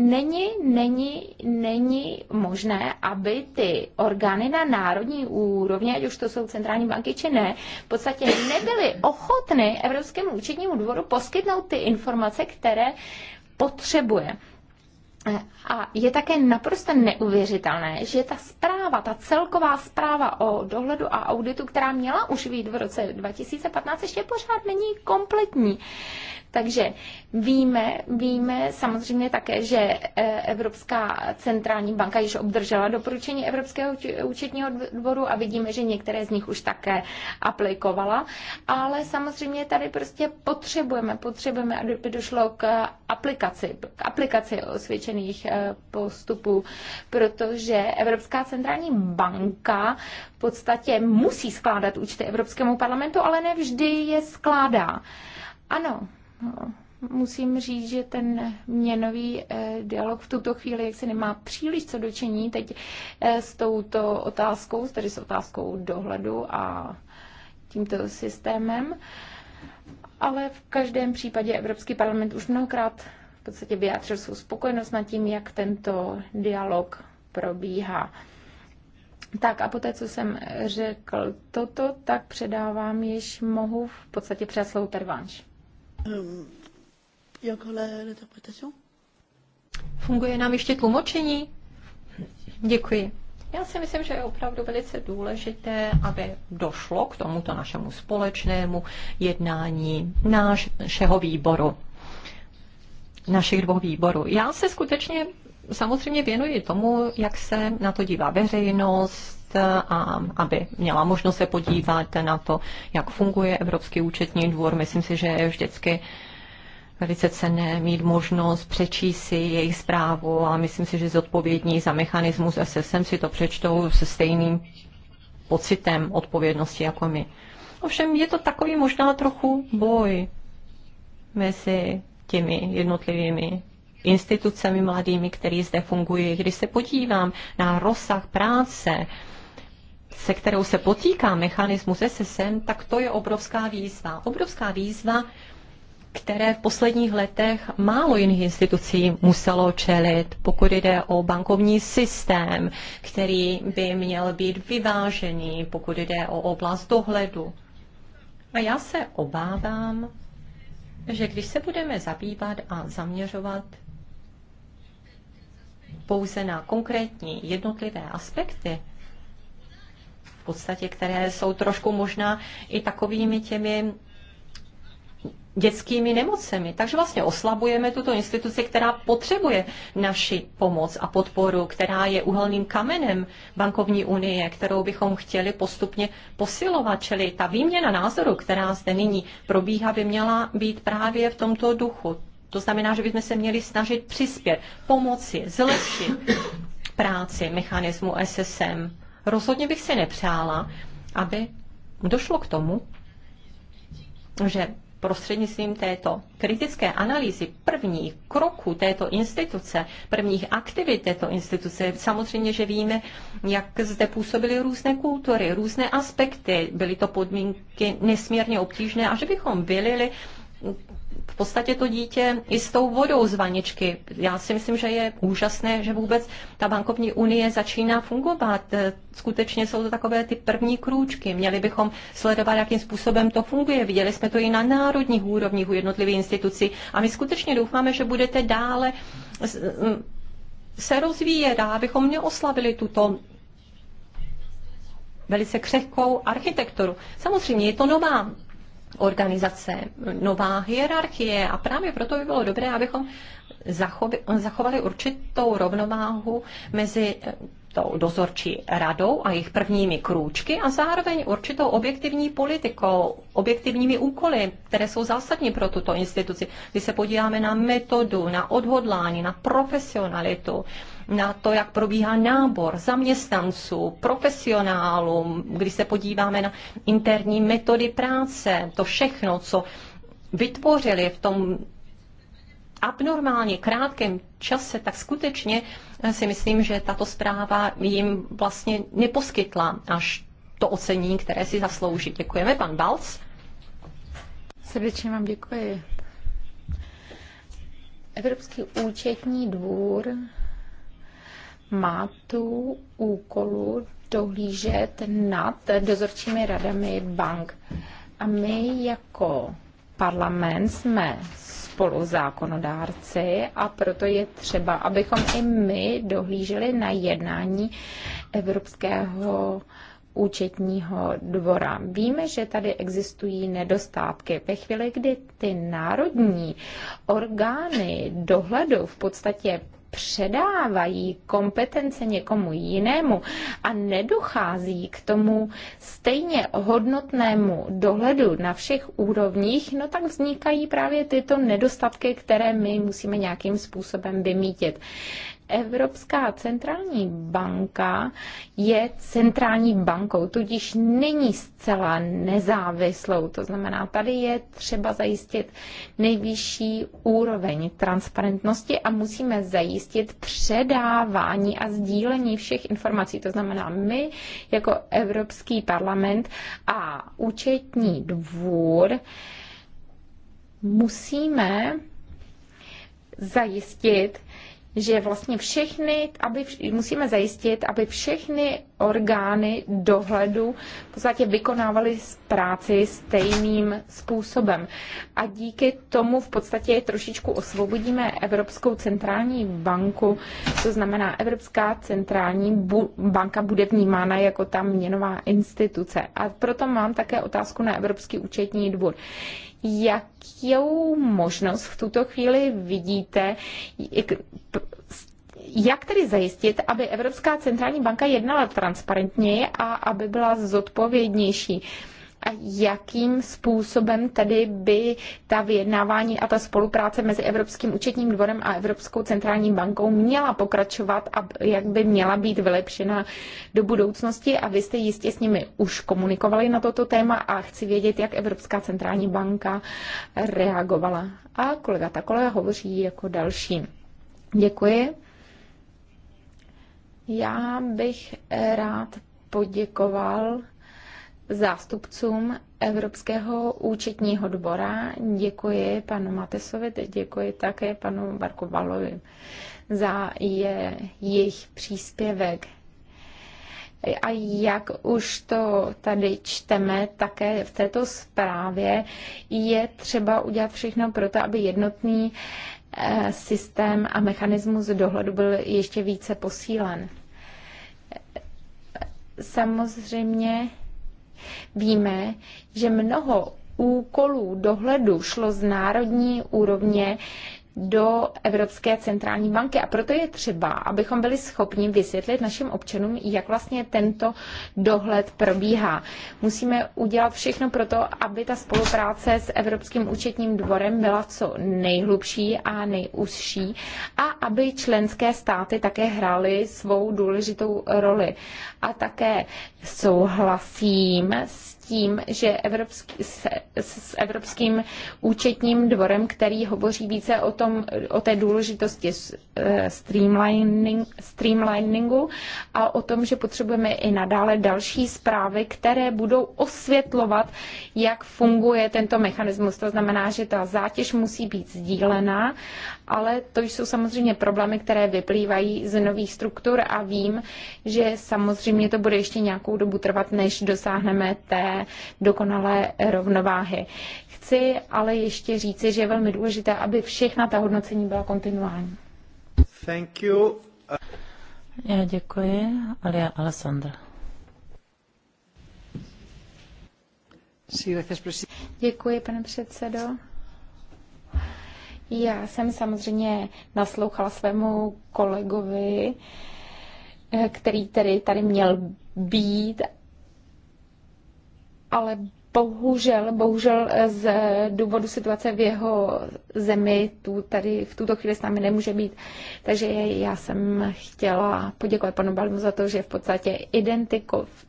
není, není, není možné, aby ty orgány na národní úrovni, ať už to jsou centrální banky či ne, v podstatě nebyly ochotny Evropskému účetnímu dvoru poskytnout ty informace, které potřebuje. A je také naprosto neuvěřitelné, že ta zpráva, ta celková zpráva o dohledu a auditu, která měla už být v roce 2015, ještě pořád není kompletní. Takže víme, víme samozřejmě také, že e, Evropská centrální banka již obdržela doporučení Evropského účetního dvoru a vidíme, že některé z nich už také aplikovala. Ale samozřejmě tady prostě potřebujeme, potřebujeme, aby došlo k aplikaci, k aplikaci osvědčených e, postupů, protože Evropská centrální banka v podstatě musí skládat účty Evropskému parlamentu, ale nevždy je skládá. Ano, musím říct, že ten měnový eh, dialog v tuto chvíli jak se nemá příliš co dočení teď eh, s touto otázkou, tedy s otázkou dohledu a tímto systémem. Ale v každém případě Evropský parlament už mnohokrát v podstatě vyjádřil svou spokojenost nad tím, jak tento dialog probíhá. Tak a poté, co jsem řekl toto, tak předávám, již mohu v podstatě přeslout tervanš. Euh, Funguje nám ještě tlumočení? Děkuji. Já si myslím, že je opravdu velice důležité, aby došlo k tomuto našemu společnému jednání náš, našeho výboru, našich dvou výborů. Já se skutečně samozřejmě věnuji tomu, jak se na to dívá veřejnost, Eh, a aby měla možnost se podívat na to, jak funguje Evropský účetní dvůr. Myslím si, že je vždycky velice cené mít možnost přečíst si jejich zprávu a myslím si, že zodpovědní za mechanismus SSM si to přečtou se stejným pocitem odpovědnosti jako my. Ovšem je to takový možná trochu boj mezi těmi jednotlivými institucemi mladými, které zde fungují. Když se podívám na rozsah práce se kterou se potýká mechanismus SSM, tak to je obrovská výzva. Obrovská výzva, které v posledních letech málo jiných institucí muselo čelit, pokud jde o bankovní systém, který by měl být vyvážený, pokud jde o oblast dohledu. A já se obávám, že když se budeme zabývat a zaměřovat pouze na konkrétní jednotlivé aspekty podstatě, které jsou trošku možná i takovými těmi dětskými nemocemi. Takže vlastně oslabujeme tuto instituci, která potřebuje naši pomoc a podporu, která je uhelným kamenem bankovní unie, kterou bychom chtěli postupně posilovat. Čili ta výměna názoru, která zde nyní probíhá, by měla být právě v tomto duchu. To znamená, že bychom se měli snažit přispět, pomoci, zlepšit práci mechanismu SSM rozhodně bych si nepřála, aby došlo k tomu, že prostřednictvím této kritické analýzy prvních kroků této instituce, prvních aktivit této instituce. Samozřejmě, že víme, jak zde působily různé kultury, různé aspekty, byly to podmínky nesmírně obtížné a že bychom vylili v podstatě to dítě i s tou vodou z vaničky. Já si myslím, že je úžasné, že vůbec ta bankovní unie začíná fungovat. E, skutečně jsou to takové ty první krůčky. Měli bychom sledovat, jakým způsobem to funguje. Viděli jsme to i na národních úrovních u jednotlivých institucí. A my skutečně doufáme, že budete dále se rozvíjet a abychom neoslavili tuto velice křehkou architekturu. Samozřejmě je to nová organizace nová hierarchie a právě proto by bylo dobré, abychom zachovali určitou rovnováhu mezi eh, tou dozorčí radou a jejich prvními krůčky a zároveň určitou objektivní politikou, objektivními úkoly, které jsou zásadní pro tuto instituci. Když se podíváme na metodu, na odhodlání, na profesionalitu, na to, jak probíhá nábor zaměstnanců, profesionálů, když se podíváme na interní metody práce, to všechno, co vytvořili v tom abnormálně krátkém čase, tak skutečně eh, si myslím, že tato zpráva jim vlastně neposkytla až to ocení, které si zaslouží. Děkujeme, pan Balc. Srdečně vám děkuji. Evropský účetní dvůr má tu úkolu dohlížet nad dozorčími radami bank. A my jako parlament jsme spoluzákonodárci a proto je třeba, abychom i my dohlíželi na jednání Evropského účetního dvora. Víme, že tady existují nedostátky. Ve chvíli, kdy ty národní orgány dohledu v podstatě předávají kompetence někomu jinému a nedochází k tomu stejně hodnotnému dohledu na všech úrovních, no tak vznikají právě tyto nedostatky, které my musíme nějakým způsobem vymítit. Evropská centrální banka je centrální bankou, tudíž není zcela nezávislou. To znamená, tady je třeba zajistit nejvyšší úroveň transparentnosti a musíme zajistit předávání a sdílení všech informací. To znamená, my jako Evropský parlament a účetní dvůr musíme zajistit že vlastně všechny, aby, musíme zajistit, aby všechny orgány dohledu v podstatě vykonávaly práci stejným způsobem. A díky tomu v podstatě trošičku osvobodíme Evropskou centrální banku, to znamená Evropská centrální bu- banka bude vnímána jako ta měnová instituce. A proto mám také otázku na Evropský účetní dvůr jakou možnost v tuto chvíli vidíte, jak tedy zajistit, aby Evropská centrální banka jednala transparentněji a aby byla zodpovědnější? a jakým způsobem tedy by ta vyjednávání a ta spolupráce mezi Evropským účetním dvorem a Evropskou centrální bankou měla pokračovat a jak by měla být vylepšena do budoucnosti. A vy jste jistě s nimi už komunikovali na toto téma a chci vědět, jak Evropská centrální banka reagovala. A kolega Takole hovoří jako další. Děkuji. Já bych rád poděkoval zástupcům Evropského účetního dvora. Děkuji panu Matesovi, děkuji také panu Balovi za je, jejich příspěvek. A jak už to tady čteme také v této zprávě, je třeba udělat všechno pro to, aby jednotný eh, systém a mechanismus dohledu byl ještě více posílen. Samozřejmě Víme, že mnoho úkolů dohledu šlo z národní úrovně do Evropské centrální banky. A proto je třeba, abychom byli schopni vysvětlit našim občanům, jak vlastně tento dohled probíhá. Musíme udělat všechno pro to, aby ta spolupráce s Evropským účetním dvorem byla co nejhlubší a nejúzší a aby členské státy také hrály svou důležitou roli. A také souhlasím s tím, že evropský, s, s Evropským účetním dvorem, který hovoří více o, tom, o té důležitosti eh, streamlining, streamliningu a o tom, že potřebujeme i nadále další zprávy, které budou osvětlovat, jak funguje tento mechanismus. To znamená, že ta zátěž musí být sdílená, ale to jsou samozřejmě problémy, které vyplývají z nových struktur a vím, že samozřejmě to bude ještě nějakou dobu trvat, než dosáhneme té dokonalé, rovnováhy. Chci ale ještě říci, že je velmi důležité, aby všechna ta hodnocení byla kontinuální. Thank you. Já děkuji. já Alessandra. Děkuji, pane předsedo. Já jsem samozřejmě naslouchala svému kolegovi, eh, který tady tady měl být ale bohužel, bohužel eh, z důvodu situace v jeho zemi tu, tady v tuto chvíli s námi nemůže být. Takže já jsem chtěla poděkovat panu Balmu za to, že v podstatě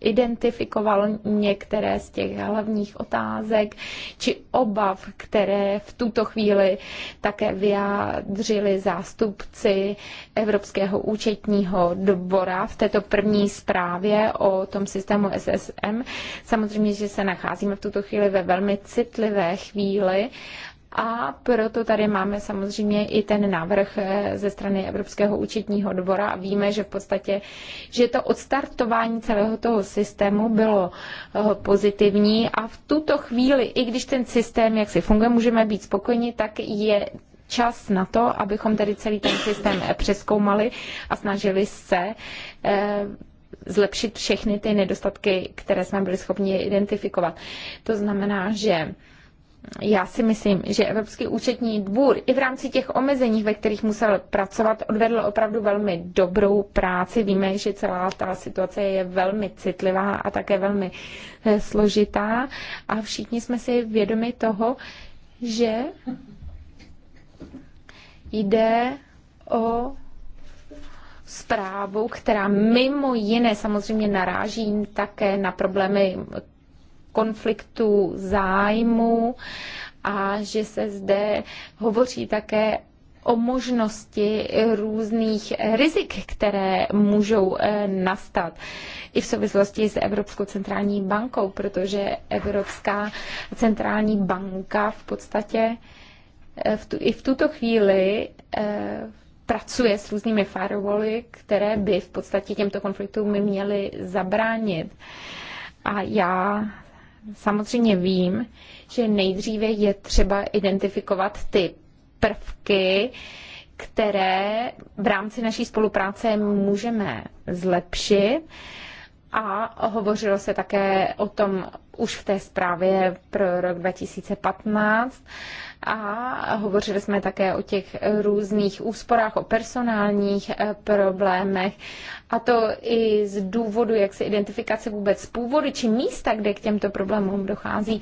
identifikoval některé z těch hlavních otázek či obav, které v tuto chvíli také vyjádřili zástupci Evropského účetního dvora v této první zprávě o tom systému SSM. Samozřejmě, že se nacházíme v tuto chvíli ve velmi citlivé chvíli a proto tady máme samozřejmě i ten návrh eh, ze strany Evropského účetního dvora a víme, že v podstatě, že to odstartování celého toho systému bylo eh, pozitivní a v tuto chvíli, i když ten systém jak si funguje, můžeme být spokojeni, tak je čas na to, abychom tedy celý ten systém přeskoumali a snažili se eh, zlepšit všechny ty nedostatky, které jsme byli schopni identifikovat. To znamená, že já si myslím, že Evropský účetní dvůr i v rámci těch omezení, ve kterých musel pracovat, odvedl opravdu velmi dobrou práci. Víme, že celá ta situace je velmi citlivá a také velmi eh, složitá a všichni jsme si vědomi toho, že jde o zprávu, která mimo jiné samozřejmě naráží také na problémy konfliktu zájmu a že se zde hovoří také o možnosti různých rizik, které můžou eh, nastat i v souvislosti s Evropskou centrální bankou, protože Evropská centrální banka v podstatě eh, v tu, i v tuto chvíli eh, pracuje s různými firewally, které by v podstatě těmto konfliktům měly zabránit. A já samozřejmě vím, že nejdříve je třeba identifikovat ty prvky, které v rámci naší spolupráce můžeme zlepšit. A hovořilo se také o tom už v té zprávě pro rok 2015 a hovořili jsme také o těch různých úsporách, o personálních eh, problémech a to i z důvodu, jak se identifikace vůbec původu či místa, kde k těmto problémům dochází.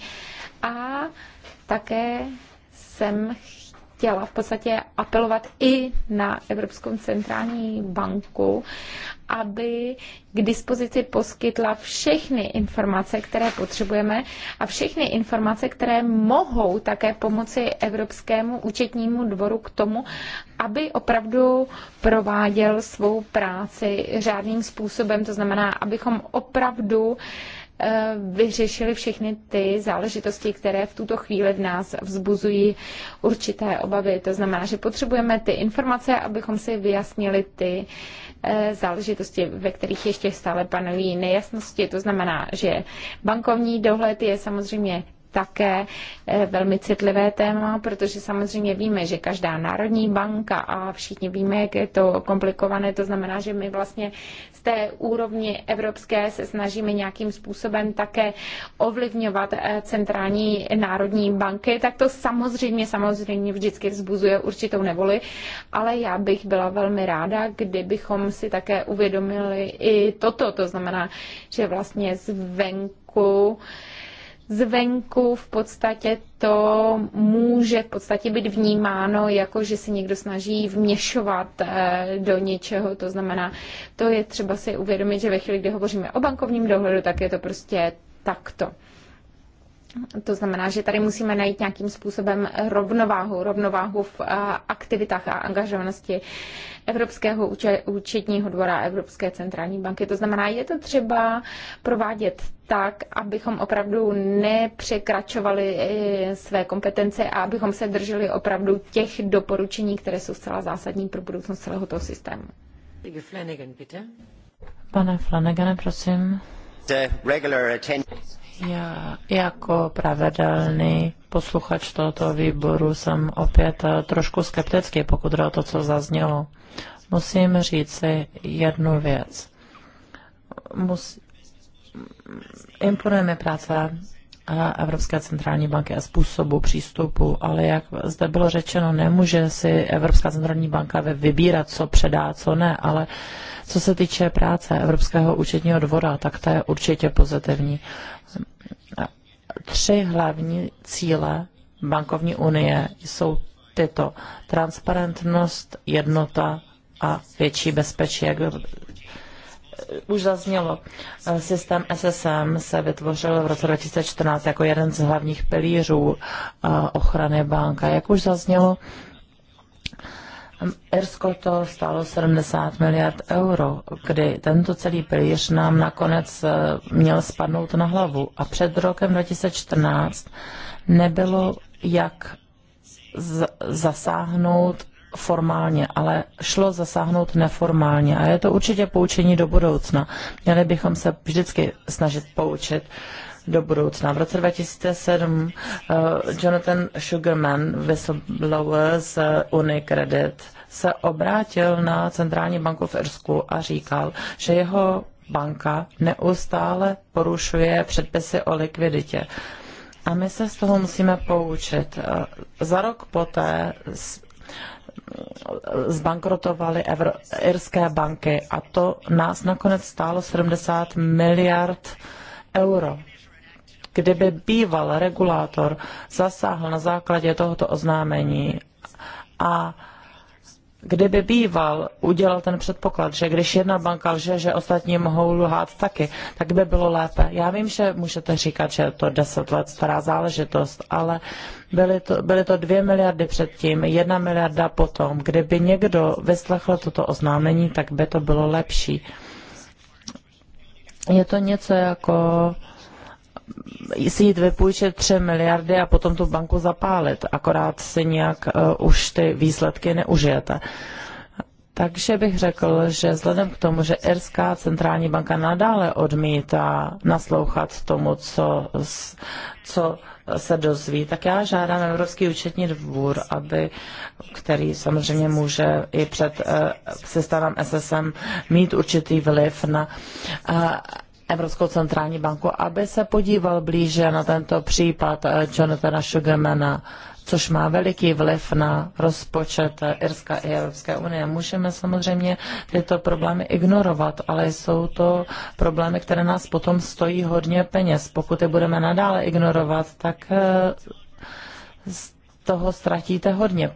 A také jsem chtěla v podstatě apelovat i na Evropskou centrální banku, aby k dispozici poskytla všechny informace, které potřebujeme a všechny informace, které mohou také pomoci Evropskému účetnímu dvoru k tomu, aby opravdu prováděl svou práci řádným způsobem. To znamená, abychom opravdu Eh, vyřešili všechny ty záležitosti, které v tuto chvíli v nás vzbuzují určité obavy. To znamená, že potřebujeme ty informace, abychom si vyjasnili ty eh, záležitosti, ve kterých ještě stále panují nejasnosti. To znamená, že bankovní dohled je samozřejmě také eh, velmi citlivé téma, protože samozřejmě víme, že každá národní banka a všichni víme, jak je to komplikované, to znamená, že my vlastně z té úrovni evropské se snažíme nějakým způsobem také ovlivňovat eh, centrální národní banky, tak to samozřejmě, samozřejmě vždycky vzbuzuje určitou nevoli, ale já bych byla velmi ráda, kdybychom si také uvědomili i toto, to znamená, že vlastně zvenku zvenku v podstatě to může v podstatě být vnímáno jako, že se někdo snaží vměšovat eh, do něčeho. To znamená, to je třeba si uvědomit, že ve chvíli, kdy hovoříme o bankovním dohledu, tak je to prostě takto. To znamená, že tady musíme najít nějakým způsobem rovnováhu, rovnováhu v eh, aktivitách a angažovanosti Evropského účetního dvora Evropské centrální banky. To znamená, je to třeba provádět tak, abychom opravdu nepřekračovali eh, své kompetence a abychom se drželi opravdu těch doporučení, které jsou zcela zásadní pro budoucnost celého toho systému. Pane Flanagane, prosím. Já jako pravidelný posluchač tohoto výboru jsem opět eh, trošku skeptický, pokud jde o to, co zaznělo. Musím říci jednu věc. Mus... Imponuje mi práce Evropské centrální banky a způsobu přístupu, ale jak zde bylo řečeno, nemůže si Evropská centrální banka vybírat, co předá, co ne, ale co se týče práce Evropského účetního dvora, tak to je určitě pozitivní. Tři hlavní cíle bankovní unie jsou tyto. Transparentnost, jednota a větší bezpečí, jak Eh, už zaznělo, eh, systém SSM se vytvořil v roce 2014 jako jeden z hlavních pilířů eh, ochrany banka. Jak už zaznělo, Irsko to stálo 70 miliard euro, kdy tento celý pilíř nám nakonec měl spadnout na hlavu. A před rokem 2014 nebylo jak zasáhnout formálně, ale šlo zasáhnout neformálně a je to určitě poučení do budoucna. Měli bychom se vždycky snažit poučit do budoucna. V roce 2007 uh, eh, Jonathan Sugarman, whistleblower z Unicredit, se obrátil na centrální banku v Irsku a říkal, že jeho banka neustále porušuje předpisy o likviditě. A my se z toho musíme poučit. Eh, za rok poté zbankrotovaly irské banky a to nás nakonec stálo 70 miliard euro. Kdyby býval regulátor zasáhl na základě tohoto oznámení a Kdyby býval udělal ten předpoklad, že když jedna banka lže, že ostatní mohou lhát taky, tak by bylo lépe. Já vím, že můžete říkat, že je to deset let stará záležitost, ale byly to, byly to dvě miliardy předtím, jedna miliarda potom. Kdyby někdo vyslechl toto oznámení, tak by to bylo lepší. Je to něco jako si jít vypůjčit 3 miliardy a potom tu banku zapálit, akorát si nějak uh, už ty výsledky neužijete. Takže bych řekl, že vzhledem k tomu, že Irská centrální banka nadále odmítá naslouchat tomu, co, co se dozví, tak já žádám Evropský účetní dvůr, aby, který samozřejmě může i před uh, systémem SSM mít určitý vliv na uh, Evropskou centrální banku, aby se podíval blíže na tento případ eh, Jonathana Sugarmana, což má veliký vliv na rozpočet eh, Irska i Evropské unie. Můžeme samozřejmě tyto problémy ignorovat, ale jsou to problémy, které nás potom stojí hodně peněz. Pokud je budeme nadále ignorovat, tak eh, z toho ztratíte hodně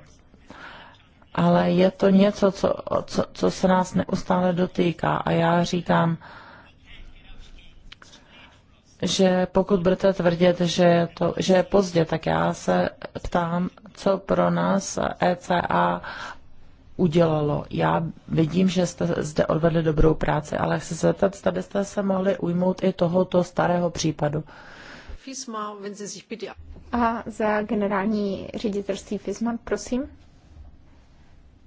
ale je to něco, co, co, co se nás neustále dotýká. A já říkám, že pokud budete tvrdit, že je, to, že je pozdě, tak já se ptám, co pro nás ECA udělalo. Já vidím, že jste zde odvedli dobrou práci, ale chci se zeptat, zda byste se mohli ujmout i tohoto starého případu. A za generální ředitelství FISMA, prosím.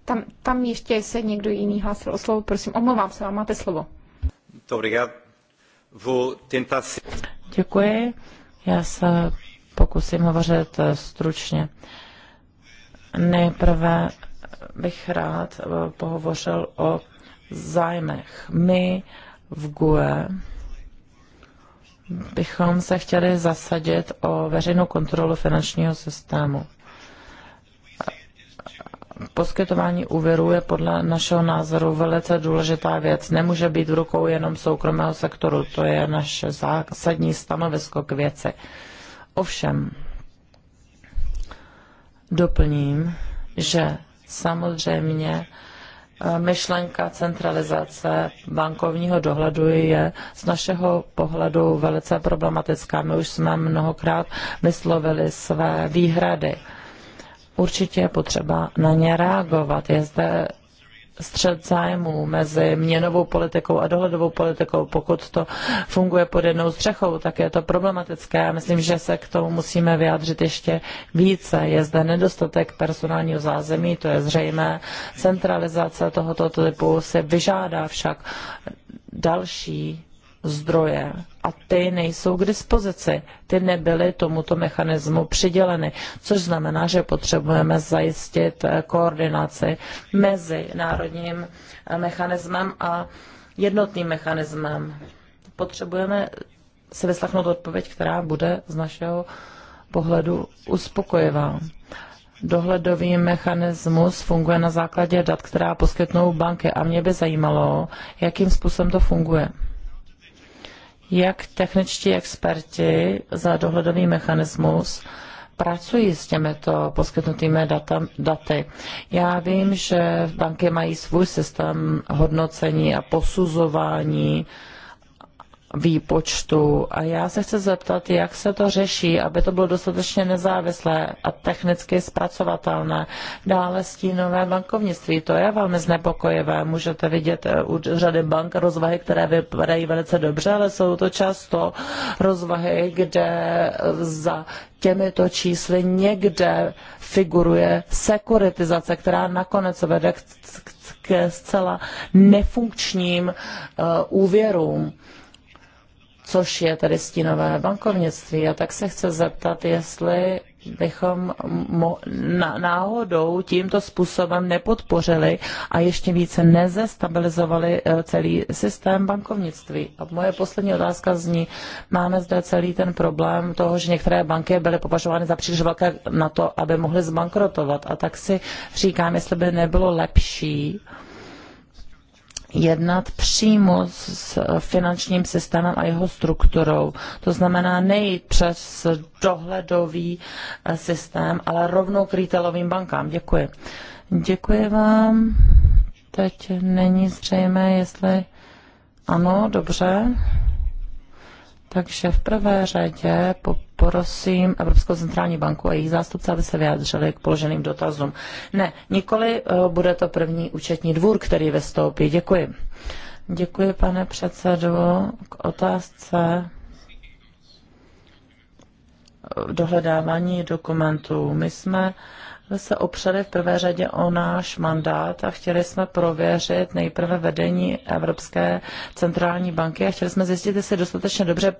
Tam, tam ještě se někdo jiný hlásil o slovo, prosím. Omlouvám se vám, máte slovo. Dobrý, já Děkuji. Já se pokusím hovořit eh, stručně. Nejprve bych rád eh, pohovořil o zájmech. My v GUE bychom se chtěli zasadit o veřejnou kontrolu finančního systému poskytování úvěru je podle našeho názoru velice důležitá věc. Nemůže být v rukou jenom soukromého sektoru. To je naše zásadní stanovisko k věci. Ovšem, doplním, že samozřejmě eh, myšlenka centralizace bankovního dohledu je z našeho pohledu velice problematická. My už jsme mnohokrát vyslovili své výhrady určitě je potřeba na ně reagovat. Je zde střed zájmů mezi měnovou politikou a dohledovou politikou. Pokud to funguje pod jednou střechou, tak je to problematické. Já myslím, že se k tomu musíme vyjádřit ještě více. Je zde nedostatek personálního zázemí, to je zřejmé. Centralizace tohoto typu se vyžádá však další zdroje a ty nejsou k dispozici. Ty nebyly tomuto mechanismu přiděleny, což znamená, že potřebujeme zajistit eh, koordinaci mezi národním eh, mechanismem a jednotným mechanismem. Potřebujeme si vyslechnout odpověď, která bude z našeho pohledu uspokojivá. Dohledový mechanismus funguje na základě dat, která poskytnou banky a mě by zajímalo, jakým způsobem to funguje jak techničtí experti za dohledový mechanismus pracují s těmito poskytnutými data, daty. Já vím, že banky mají svůj systém hodnocení a posuzování uh, výpočtu. A já se chci zeptat, jak se to řeší, aby to bylo dostatečně nezávislé a technicky zpracovatelné. Dále stínové bankovnictví, to je velmi znepokojivé. Můžete vidět eh, u řady bank rozvahy, které vypadají velice dobře, ale jsou to často rozvahy, kde eh, za těmito čísly někde figuruje sekuritizace, která nakonec vede k, k, k zcela nefunkčním uh, úvěrům což je tedy stínové bankovnictví. A tak se chci zeptat, jestli bychom náhodou tímto způsobem nepodpořili a ještě více nezestabilizovali eh, celý systém bankovnictví. A moje poslední otázka zní, máme zde celý ten problém toho, že některé banky byly považovány za příliš velké na to, aby mohly zbankrotovat. A tak si říkám, jestli by nebylo lepší, jednat přímo s finančním systémem a jeho strukturou. To znamená nejít přes dohledový eh, systém, ale rovnou k retailovým bankám. Děkuji. Děkuji vám. Teď není zřejmé, jestli ano, dobře. Takže v prvé řadě po poprosím Evropskou centrální banku a jejich zástupce, aby se vyjádřili k položeným dotazům. Ne, nikoli eh, bude to první účetní dvůr, který vystoupí. Děkuji. Děkuji, pane předsedo. K otázce dohledávání dokumentů. My jsme se opřeli v prvé řadě o náš mandát a chtěli jsme prověřit nejprve vedení Evropské centrální banky a chtěli jsme zjistit, jestli dostatečně dobře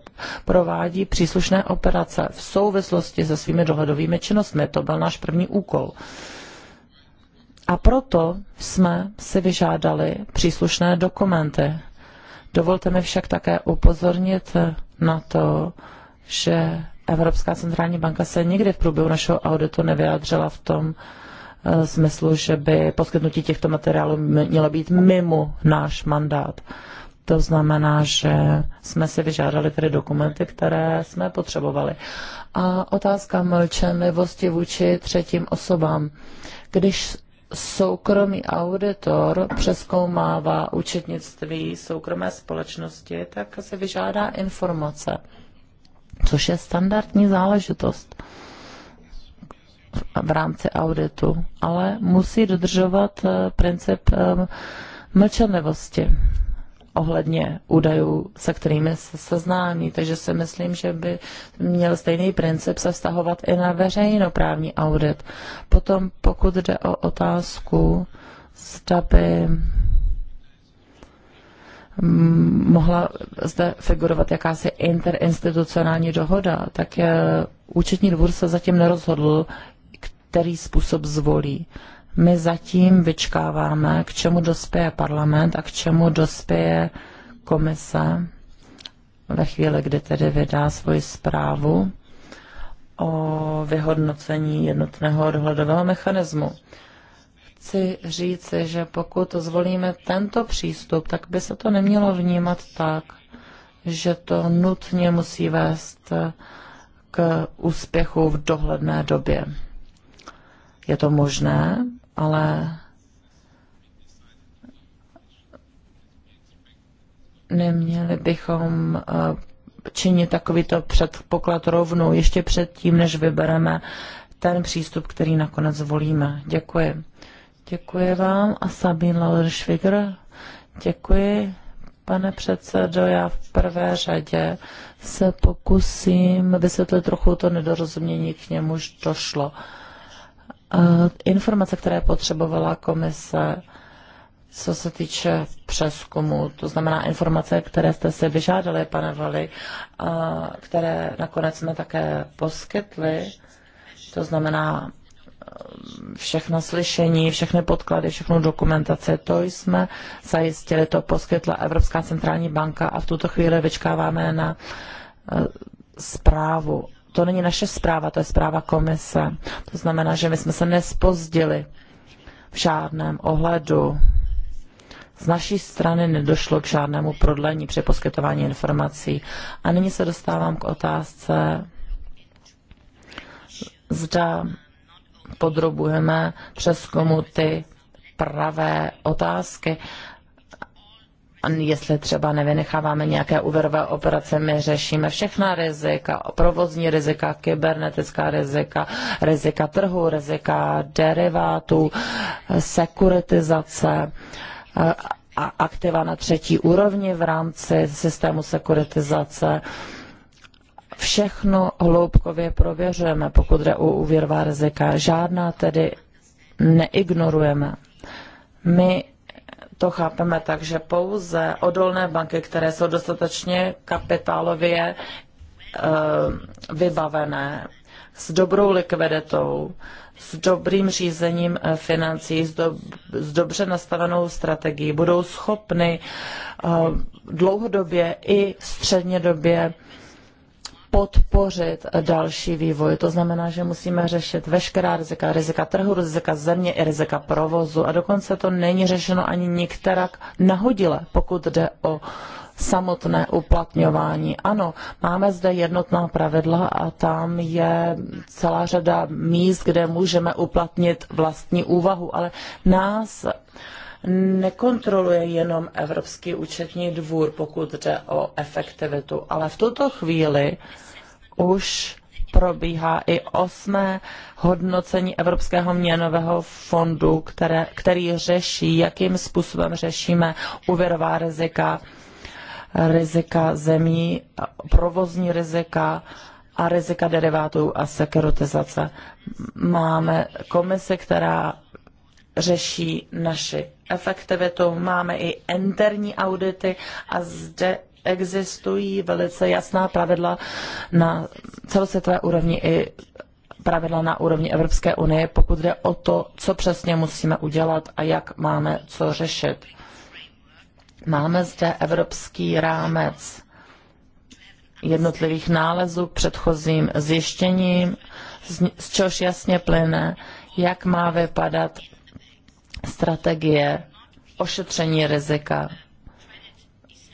provádí příslušné operace v souvislosti se svými dohledovými činnostmi. To byl náš první úkol. A proto jsme si vyžádali příslušné dokumenty. Dovolte mi však také upozornit na to, že Evropská centrální banka se nikdy v průběhu našeho auditu nevyjádřila v tom eh, smyslu, že by poskytnutí těchto materiálů mělo být mimo náš mandát. To znamená, že jsme si vyžádali tedy dokumenty, které jsme potřebovali. A otázka mlčenlivosti vůči třetím osobám. Když soukromý auditor přeskoumává účetnictví soukromé společnosti, tak se vyžádá informace což je standardní záležitost v rámci auditu, ale musí dodržovat eh, princip eh, mlčenlivosti ohledně údajů, se kterými se seznámí. Takže si myslím, že by měl stejný princip se vztahovat i na veřejnoprávní audit. Potom, pokud jde o otázku, zda by mohla zde figurovat jakási interinstitucionální dohoda, tak eh, účetní dvůr se zatím nerozhodl, který způsob zvolí. My zatím vyčkáváme, k čemu dospěje parlament a k čemu dospěje komise ve chvíli, kdy tedy vydá svoji zprávu o vyhodnocení jednotného dohledového mechanismu chci říci, že pokud zvolíme tento přístup, tak by se to nemělo vnímat tak, že to nutně musí vést k úspěchu v dohledné době. Je to možné, ale neměli bychom eh, činit takovýto předpoklad rovnou ještě předtím, než vybereme ten přístup, který nakonec zvolíme. Děkuji. Děkuji vám a Sabine laller Děkuji, pane předsedo. Já v prvé řadě se pokusím vysvětlit trochu to nedorozumění, k němuž došlo. Eh, informace, které potřebovala komise, co se týče přeskumu, to znamená informace, které jste si vyžádali, pane Vali, a eh, které nakonec jsme také poskytli, to znamená všechna slyšení, všechny podklady, všechno dokumentaci. To jsme zajistili, to poskytla Evropská centrální banka a v tuto chvíli vyčkáváme na eh, zprávu. To není naše zpráva, to je zpráva komise. To znamená, že my jsme se nespozdili v žádném ohledu. Z naší strany nedošlo k žádnému prodlení při poskytování informací. A nyní se dostávám k otázce, zda podrobujeme přeskumu ty pravé otázky. Jestli třeba nevynecháváme nějaké úvěrové operace, my řešíme všechna rizika, provozní rizika, kybernetická rizika, rizika trhu, rizika derivátů, sekuritizace a aktiva na třetí úrovni v rámci systému sekuritizace všechno hloubkově prověřujeme, pokud jde o úvěrová rizika. Žádná tedy neignorujeme. My to chápeme tak, že pouze odolné banky, které jsou dostatečně kapitálově eh, vybavené, s dobrou likviditou, s dobrým řízením eh, financí, s, do, s dobře nastavenou strategií budou schopny eh, dlouhodobě i střednědobě podpořit další vývoj. To znamená, že musíme řešit veškerá rizika, rizika trhu, rizika země i rizika provozu. A dokonce to není řešeno ani nikterak nahodile, pokud jde o samotné uplatňování. Ano, máme zde jednotná pravidla a tam je celá řada míst, kde můžeme uplatnit vlastní úvahu, ale nás nekontroluje jenom Evropský účetní dvůr, pokud jde o efektivitu, ale v tuto chvíli už probíhá i osmé hodnocení Evropského měnového fondu, které, který řeší, jakým způsobem řešíme úvěrová rizika, rizika zemí, provozní rizika a rizika derivátů a sekuritizace. Máme komisi, která řeší naši efektivitu. Máme i interní audity a zde existují velice jasná pravidla na celosvětové úrovni i pravidla na úrovni Evropské unie, pokud jde o to, co přesně musíme udělat a jak máme co řešit. Máme zde evropský rámec jednotlivých nálezů k předchozím zjištěním, z čehož jasně plyne, jak má vypadat strategie ošetření rizika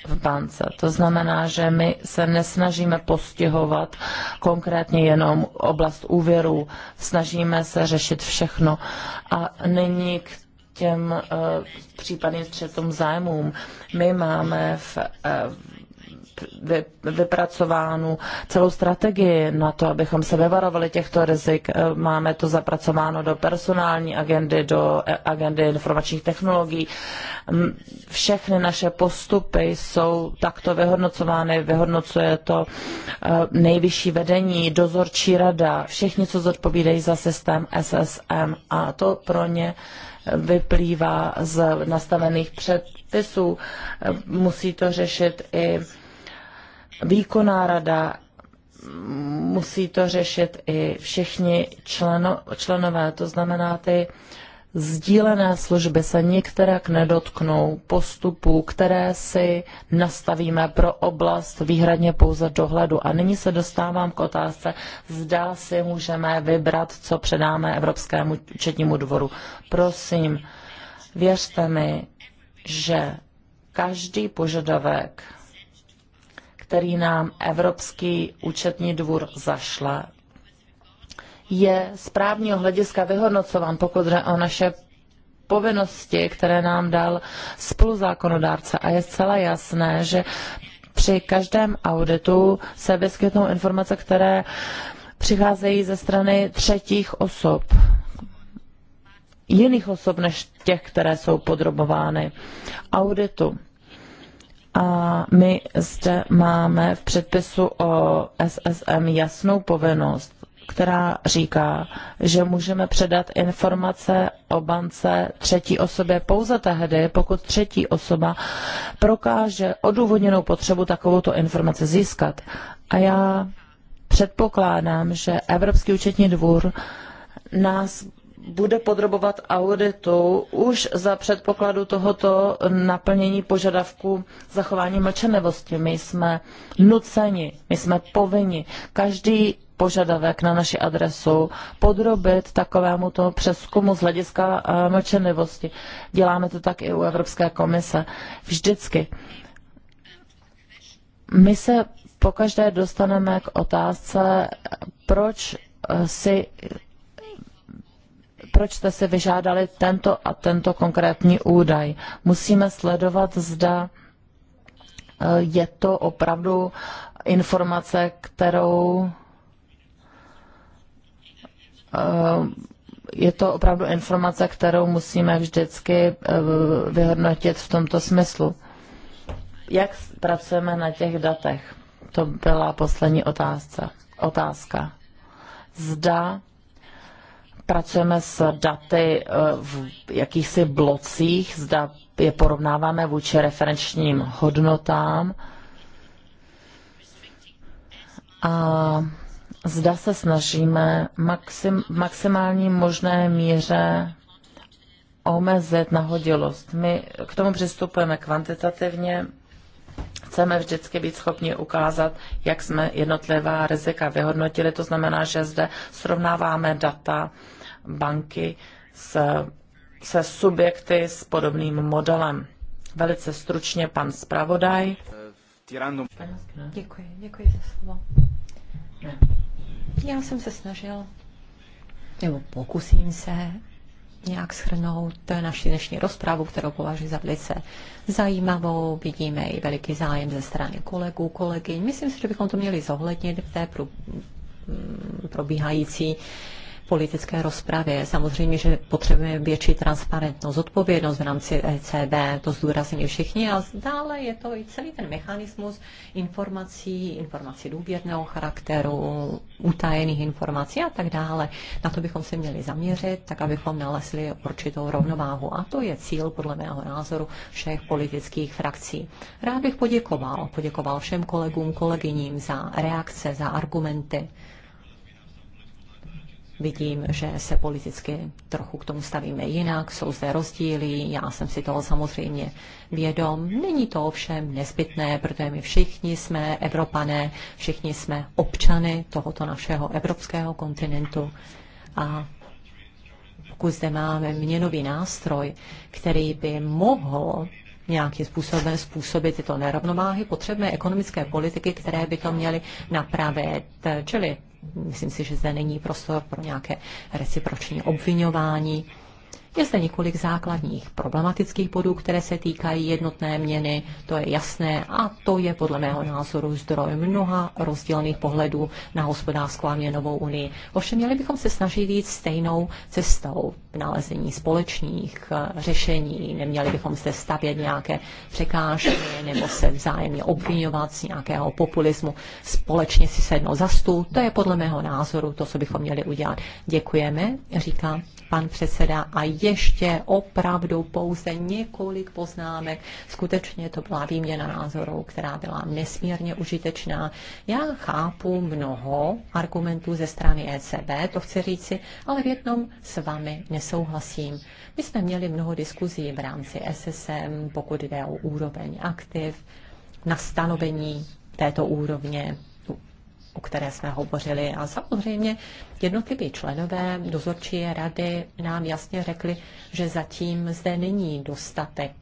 v bance. To znamená, že my se nesnažíme postihovat konkrétně jenom oblast úvěrů, snažíme se řešit všechno. A nyní k těm uh, případným střetům zájmům. My máme v uh, vypracovánu celou strategii na to, abychom se vyvarovali těchto rizik. E, máme to zapracováno do personální agendy, do e, agendy informačních technologií. Všechny naše postupy jsou takto vyhodnocovány, vyhodnocuje to e, nejvyšší vedení, dozorčí rada, všichni, co zodpovídají za systém SSM a to pro ně vyplývá z nastavených předpisů. Musí to řešit i Výkonná rada musí to řešit i všichni členo, členové, to znamená ty sdílené služby se některak nedotknou postupů, které si nastavíme pro oblast výhradně pouze dohledu. A nyní se dostávám k otázce, zda si můžeme vybrat, co předáme Evropskému četnímu dvoru. Prosím, věřte mi, že každý požadavek který nám Evropský účetní dvůr zašle, je z právního hlediska vyhodnocován, pokud jde o naše povinnosti, které nám dal spoluzákonodárce. A je zcela jasné, že při každém auditu se vyskytnou informace, které přicházejí ze strany třetích osob, jiných osob než těch, které jsou podrobovány auditu. A my zde máme v předpisu o SSM jasnou povinnost, která říká, že můžeme předat informace o bance třetí osobě pouze tehdy, pokud třetí osoba prokáže odůvodněnou potřebu takovouto informaci získat. A já předpokládám, že Evropský účetní dvůr nás bude podrobovat auditu už za předpokladu tohoto naplnění požadavku zachování mlčenlivosti. My jsme nuceni, my jsme povinni každý požadavek na naši adresu podrobit takovému to přeskumu z hlediska eh, mlčenlivosti. Děláme to tak i u Evropské komise. Vždycky. My se pokaždé dostaneme k otázce, proč eh, si proč jste si vyžádali tento a tento konkrétní údaj. Musíme sledovat, zda eh, je to opravdu informace, kterou eh, je to opravdu informace, kterou musíme vždycky eh, vyhodnotit v tomto smyslu. Jak pracujeme na těch datech? To byla poslední otázka. otázka. Zda pracujeme s daty eh, v jakýchsi blocích, zda je porovnáváme vůči referenčním hodnotám a zda se snažíme maxim, maximální možné míře omezit nahodilost. My k tomu přistupujeme kvantitativně, chceme vždycky být schopni ukázat, jak jsme jednotlivá rizika vyhodnotili. To znamená, že zde srovnáváme data banky se, se subjekty s podobným modelem. Velice stručně pan zpravodaj. Děkuji, děkuji za slovo. Já jsem se snažil, nebo pokusím se nějak shrnout naši dnešní rozprávu, kterou považuji za velice zajímavou. Vidíme i veliký zájem ze strany kolegů, kolegy. Myslím si, že bychom to měli zohlednit v té pro, probíhající politické rozpravě. Samozřejmě, že potřebujeme větší transparentnost, odpovědnost v rámci ECB, to zdůrazní všichni a dále je to i celý ten mechanismus informací, informací důvěrného charakteru, utajených informací a tak dále. Na to bychom se měli zaměřit, tak abychom nalesli určitou rovnováhu a to je cíl podle mého názoru všech politických frakcí. Rád bych poděkoval, poděkoval všem kolegům, kolegyním za reakce, za argumenty vidím, že se politicky trochu k tomu stavíme jinak, jsou zde rozdíly, já jsem si toho samozřejmě vědom. Není to ovšem nezbytné, protože my všichni jsme Evropané, všichni jsme občany tohoto našeho evropského kontinentu a pokud zde máme měnový nástroj, který by mohl nějakým způsobem způsobit tyto nerovnováhy, potřebujeme ekonomické politiky, které by to měly napravit. Čili Myslím si, že zde není prostor pro nějaké reciproční obvinování. Je zde několik základních problematických bodů, které se týkají jednotné měny, to je jasné a to je podle mého názoru zdroj mnoha rozdílných pohledů na hospodářskou a měnovou unii. Ovšem měli bychom se snažit jít stejnou cestou v nalezení společných eh, řešení, neměli bychom se stavět nějaké překážky nebo se vzájemně obvinovat z nějakého populismu, společně si sednout za stůl. To je podle mého názoru to, co bychom měli udělat. Děkujeme, říká pan předseda a je ještě opravdu pouze několik poznámek. Skutečně to byla výměna názorů, která byla nesmírně užitečná. Já chápu mnoho argumentů ze strany ECB, to chci říci, ale v jednom s vámi nesouhlasím. My jsme měli mnoho diskuzí v rámci SSM, pokud jde o úroveň aktiv, na stanovení této úrovně o které jsme hovořili. A samozřejmě jednotliví členové dozorčí rady nám jasně řekli, že zatím zde není dostatek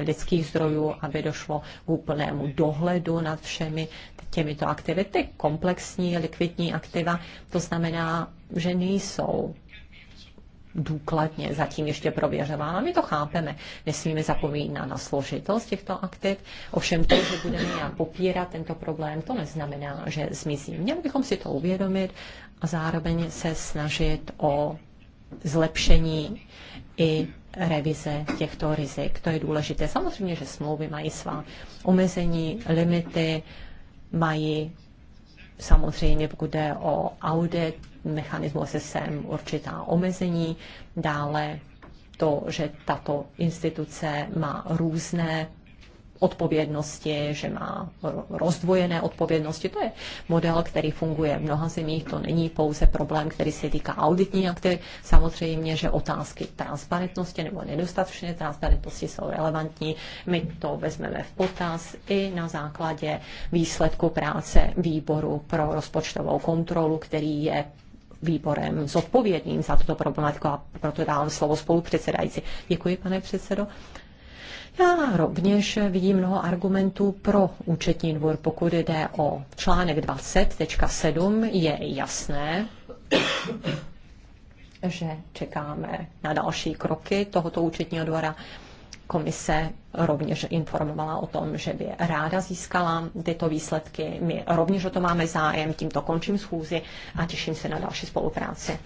lidských zdrojů, aby došlo k úplnému dohledu nad všemi těmito aktivity. Komplexní likvidní aktiva, to znamená, že nejsou důkladně zatím ještě prověřována. My to chápeme, nesmíme zapomínat na složitost těchto aktiv. Ovšem to, že budeme nějak popírat tento problém, to neznamená, že zmizí. Měli bychom si to uvědomit a zároveň se snažit o zlepšení i revize těchto rizik. To je důležité. Samozřejmě, že smlouvy mají svá omezení, limity, mají Samozřejmě, pokud jde o audit, mechanismu, se sem určitá omezení. Dále to, že tato instituce má různé odpovědnosti, že má rozdvojené odpovědnosti. To je model, který funguje v mnoha zemích. To není pouze problém, který se týká auditní akty. Samozřejmě, že otázky transparentnosti nebo nedostatečné transparentnosti jsou relevantní. My to vezmeme v potaz i na základě výsledku práce výboru pro rozpočtovou kontrolu, který je výborem zodpovědným za tuto problematiku a proto dávám slovo spolupředsedající. Děkuji, pane předsedo. Já rovněž vidím mnoho argumentů pro účetní dvor. pokud jde o článek 20.7, je jasné, že čekáme na další kroky tohoto účetního dvora. Komise rovněž informovala o tom, že by ráda získala tyto výsledky. My rovněž o to máme zájem, tímto končím schůzi a těším se na další spolupráci.